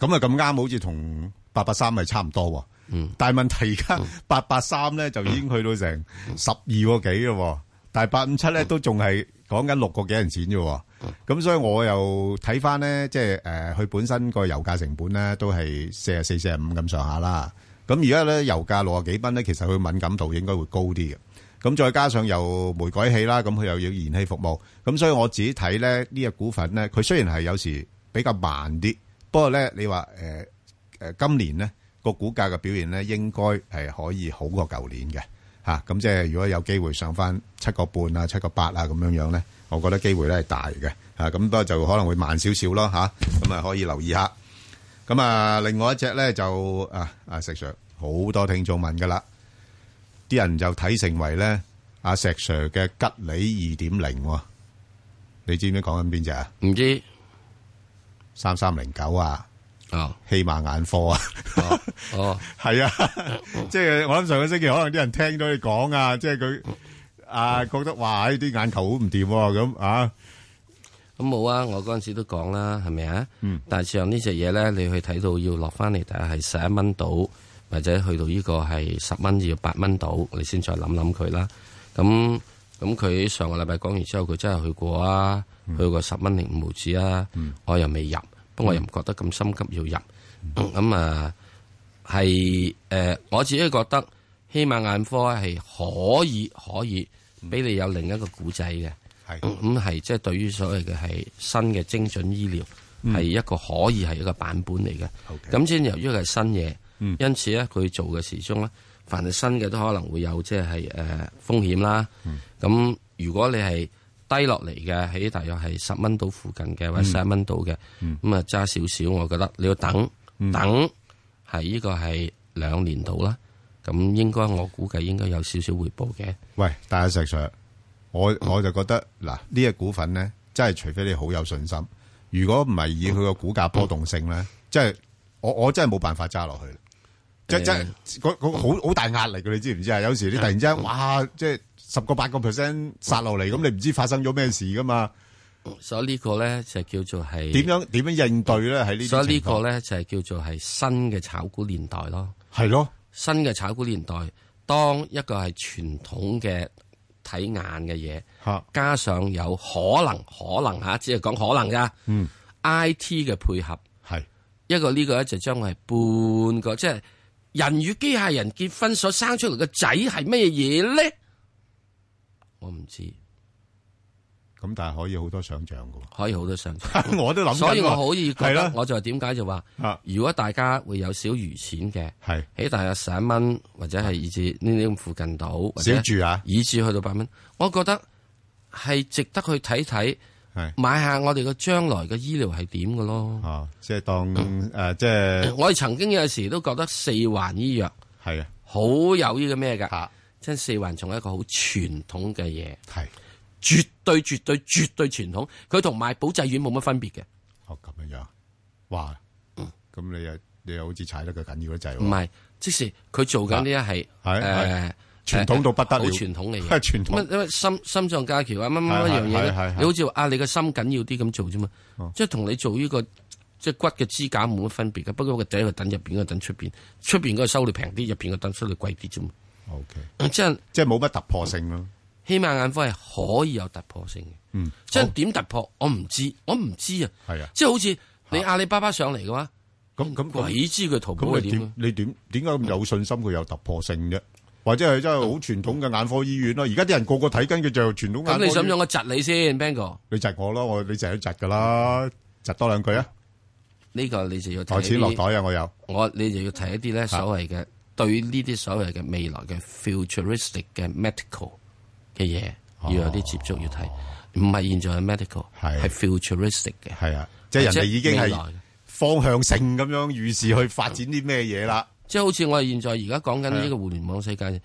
S3: 咁啊咁啱，好似同八八三係差唔多。嗯。但係問題而家八八三咧就已經去到成十二個幾喎。但係八五七咧都仲係講緊六個幾銀錢啫。咁所以我又睇翻咧，即係誒，佢，呃、本身個油價成本咧都係四啊四、四十五咁上下啦。咁而家咧油價六啊幾蚊咧，其實佢敏感度應該會高啲嘅。咁再加上又煤改氣啦，咁佢又要燃氣服務。咁所以我自己睇咧呢隻股份咧，佢雖然係有時比較慢啲，不過咧你話誒誒，今年咧個股價嘅表現咧，應該係可以好過舊年嘅。吓、啊、咁即係如果有機會上翻七個半啊，七個八啊咁樣樣咧，我覺得機會咧係大嘅吓，咁不過就可能會慢少少咯吓，咁啊可以留意下。咁啊，另外一隻咧就啊阿石 Sir 好多聽眾問噶啦，啲人就睇成為咧阿石 Sir 嘅吉利二點零，你知唔知講緊邊隻啊？唔知三三零九啊。希、哦、瑪眼科啊，哦，係、哦、 啊，即、哦、係、 就是、我諗上個星期可能啲人聽到你講啊，即係佢啊覺得哇，呢啲眼球好唔掂咁啊，咁、啊、冇、嗯嗯嗯、啊，我嗰陣時都講啦，係咪啊？
S2: 但係上呢隻嘢咧，你去睇到要落翻嚟睇係十一蚊到，或者去到呢個係十蚊至八蚊到，你先再諗諗佢啦。咁咁佢上個禮拜講完之後，佢真係去過啊，嗯、去過十蚊零五毫子啊、嗯，我又未入。嗯、不過又唔覺得咁心急要入，咁、嗯嗯、啊係誒、呃、我自己覺得希瑪眼科係可以可以俾你有另一個古仔嘅，咁係即係對於所謂嘅係新嘅精準醫療係、嗯、一個可以係一個版本嚟嘅，咁、okay. 先由於佢係新嘢，因此咧佢做嘅時鐘咧、嗯，凡係新嘅都可能會有即係誒風險啦。咁、嗯嗯、如果你係低落嚟嘅喺大約係十蚊到附近嘅，或者十蚊到嘅，咁啊揸少少，我覺得你要等等，係、這、呢個係兩年到啦，
S3: 咁應該我估計應該有少少回報嘅。喂，大家 Sir，我我就覺得嗱呢隻股份咧，真係除非你好有信心，如果唔係以佢個股價波動性咧，即、嗯、係、嗯、我我真係冇辦法揸落去，即係真係好好大壓力嘅，你知唔知啊？有時你突然之間哇，即係。十個八個 percent 殺落嚟，咁、嗯、你唔知發生咗咩事噶嘛？所以呢個咧就叫做係點樣點樣應
S2: 對咧？喺呢，所以呢個咧就叫做係新嘅炒股年代咯，係咯，新嘅炒股年代。當一個係傳統嘅睇眼嘅嘢，加上有可能可能吓，只係講可能噶。嗯，I T 嘅配合係一個呢個，就將係半個即係人與機械人結婚所生出嚟嘅仔係咩嘢咧？
S3: 我唔知，咁但係可以好多想象噶，可以好多想象， 我都諗，所以我可以覺得，
S2: 我就點解就話，如果大家會有少餘錢嘅，係喺大約十一蚊或者係以至呢啲咁附近度，小住啊，以至去到八蚊，啊，我覺得係值得去睇睇，係買下我哋嘅將來嘅醫療係點嘅咯，即係、啊就是、當誒，即、嗯、係、啊就是、我哋曾經有時都覺得四環醫藥係啊，好有呢個咩噶吓。真四環仲係一個好傳統嘅嘢，係絕對、絕對、絕對傳統。佢同賣保濟丸冇乜分別嘅。
S3: 哦咁樣樣，哇！咁、嗯、你又你又好似踩得佢緊要嘅掣喎。唔係，即使佢做緊啲係誒傳統到不得好、啊、傳統嚟嘅，係 傳統因為心心臟
S2: 加橋啊，乜乜一樣嘢你好似話啊，你個心緊要啲咁做啫嘛，即係同你做呢、這個即係、就是、骨嘅支架冇乜分別嘅。不過佢第一個等入邊嘅，等出邊，出邊嗰個收你平啲，入邊嘅等收你貴啲啫嘛。O、okay, K，、嗯、即係即係冇乜突破性咯。希瑪眼科係可以有突破性嘅。嗯，即係點突破我唔知，我唔知，我唔知啊。係啊，即係好似你阿里巴巴上嚟嘅話，咁、啊、咁鬼知佢淘寶會點？
S3: 你點點解咁有信心佢有突破性啫？或者係真係好傳統嘅眼科醫院咯、啊。而家啲人個個睇緊佢就傳統眼科。咁你想唔想我
S2: 窒你先？Bingo，
S3: 你窒我咯，我你窒都窒㗎啦，窒多兩句啊。呢、
S2: 呢個你就要袋錢落袋啊！我有
S3: 我你就要睇一啲咧所謂嘅。啊對於
S2: 呢啲所謂嘅未來嘅 futuristic 嘅 medical 嘅嘢要有啲接觸，要睇，唔係現在嘅 medical 係 futuristic 嘅，係啊，即係、啊就是、人哋已經係
S3: 方向性咁樣預示去發展啲咩嘢啦。即係好似我哋現在而家
S2: 講緊呢個互聯網世界，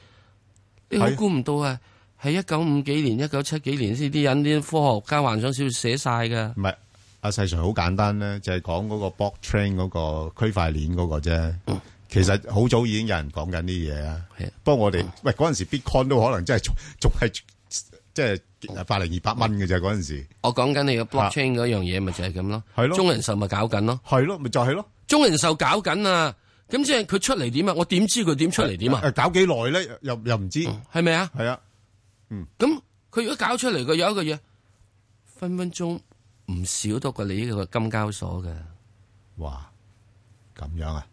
S3: 你估
S2: 唔到啊！係一九五幾年、一九七幾年先啲人啲科學家幻想
S3: 小說寫晒㗎。唔係阿細 Sir 好簡單咧，就係、是、講嗰個 block chain 嗰個區塊鏈嗰個啫。嗯其實好早已經有人講緊呢嘢啊，不過我哋喂嗰陣時 bitcoin 都可能真係仲係即係百零二百蚊嘅啫嗰陣時。我
S2: 講緊你個 blockchain 嗰樣嘢咪就係咁咯，中人
S3: 壽咪搞緊咯，係咯，咪就係咯，
S2: 中人壽搞緊啊，咁即係佢出嚟點啊？我點知佢點出嚟點啊？誒，搞幾耐咧？又又唔知係咪啊？係啊，嗯，咁佢如果搞出嚟，佢有一個嘢分分鐘唔少多過你呢個金交所嘅。哇，咁樣啊？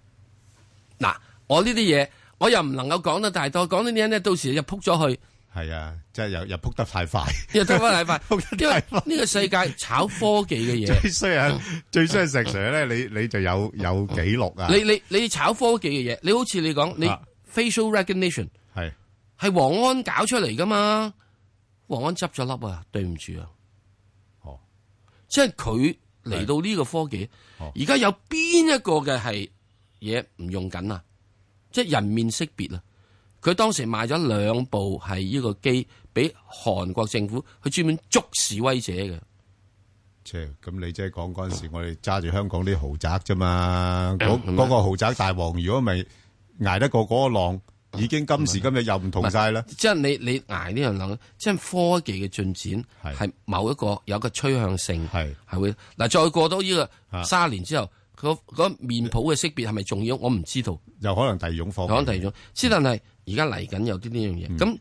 S2: 我呢啲嘢，我又唔能夠講得太多。講呢啲嘢咧，到時又撲咗去。係啊，即係又又撲得太快，太快，又撲得太
S3: 快。 因為呢 個世界炒科技嘅嘢，最衰啊， 最衰係石 Sir 咧，你你就有有記錄啊。你你
S2: 你炒科技嘅嘢，你好似你講你 facial recognition 係、啊、係王安搞出嚟噶嘛。王安執咗粒啊，對唔住啊。哦，即係佢嚟到呢個科技，而家、哦、有邊一個嘅係嘢唔用緊啊？即係人面識別啊！佢當時賣咗兩部係呢個機俾韓國政府，佢專門捉示威者嘅。即係咁，你即係講嗰陣
S3: 時，我哋揸住香港啲豪宅啫嘛。嗰、嗯、嗰、嗰個豪宅大王，如果咪捱得過嗰個浪，已經今時今日又唔同晒啦。即、嗯、係、就是、你你捱呢樣浪，即、就、係、是、科技嘅進
S2: 展係某一個有一個趨向性，係會嗱再過到呢個卅年之後。個、那個面譜嘅識別係咪重要？我唔知道，又可能第二種方法可能第二種。先但係而家嚟緊有啲呢樣嘢，咁、嗯、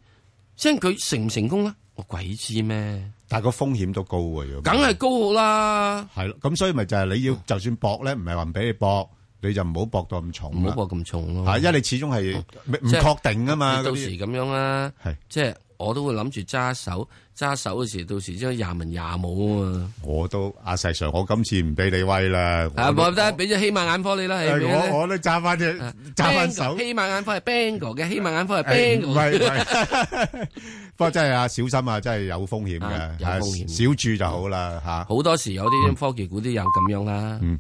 S2: 即係佢成唔成功咧？我鬼知咩？
S3: 但係個風險都高嘅、啊，梗係高好啦。係咯，咁所以咪就係你要，就算搏咧，唔係話唔俾你搏，你就唔好搏到咁重，唔好搏咁重咯。因為你始終係唔確定啊嘛。到時
S2: 咁樣啦、啊，係即係。我都會諗住揸手揸手
S3: 嘅時，到時將廿文廿武啊嘛！我都阿 Sir，我今次唔俾你威啦，係唔得，俾隻我希曼眼科你啦我。我我
S2: 都揸翻隻揸翻手，Bingo, 希曼眼科係 Bingo 嘅，希曼眼科係 Bingo。唔係、哎，
S3: 不過 真係啊！小心啊，真係有風險嘅、啊，有風險，小注、啊、就好啦吓。好、嗯啊、多時有啲科技股啲人咁樣啦、啊。嗯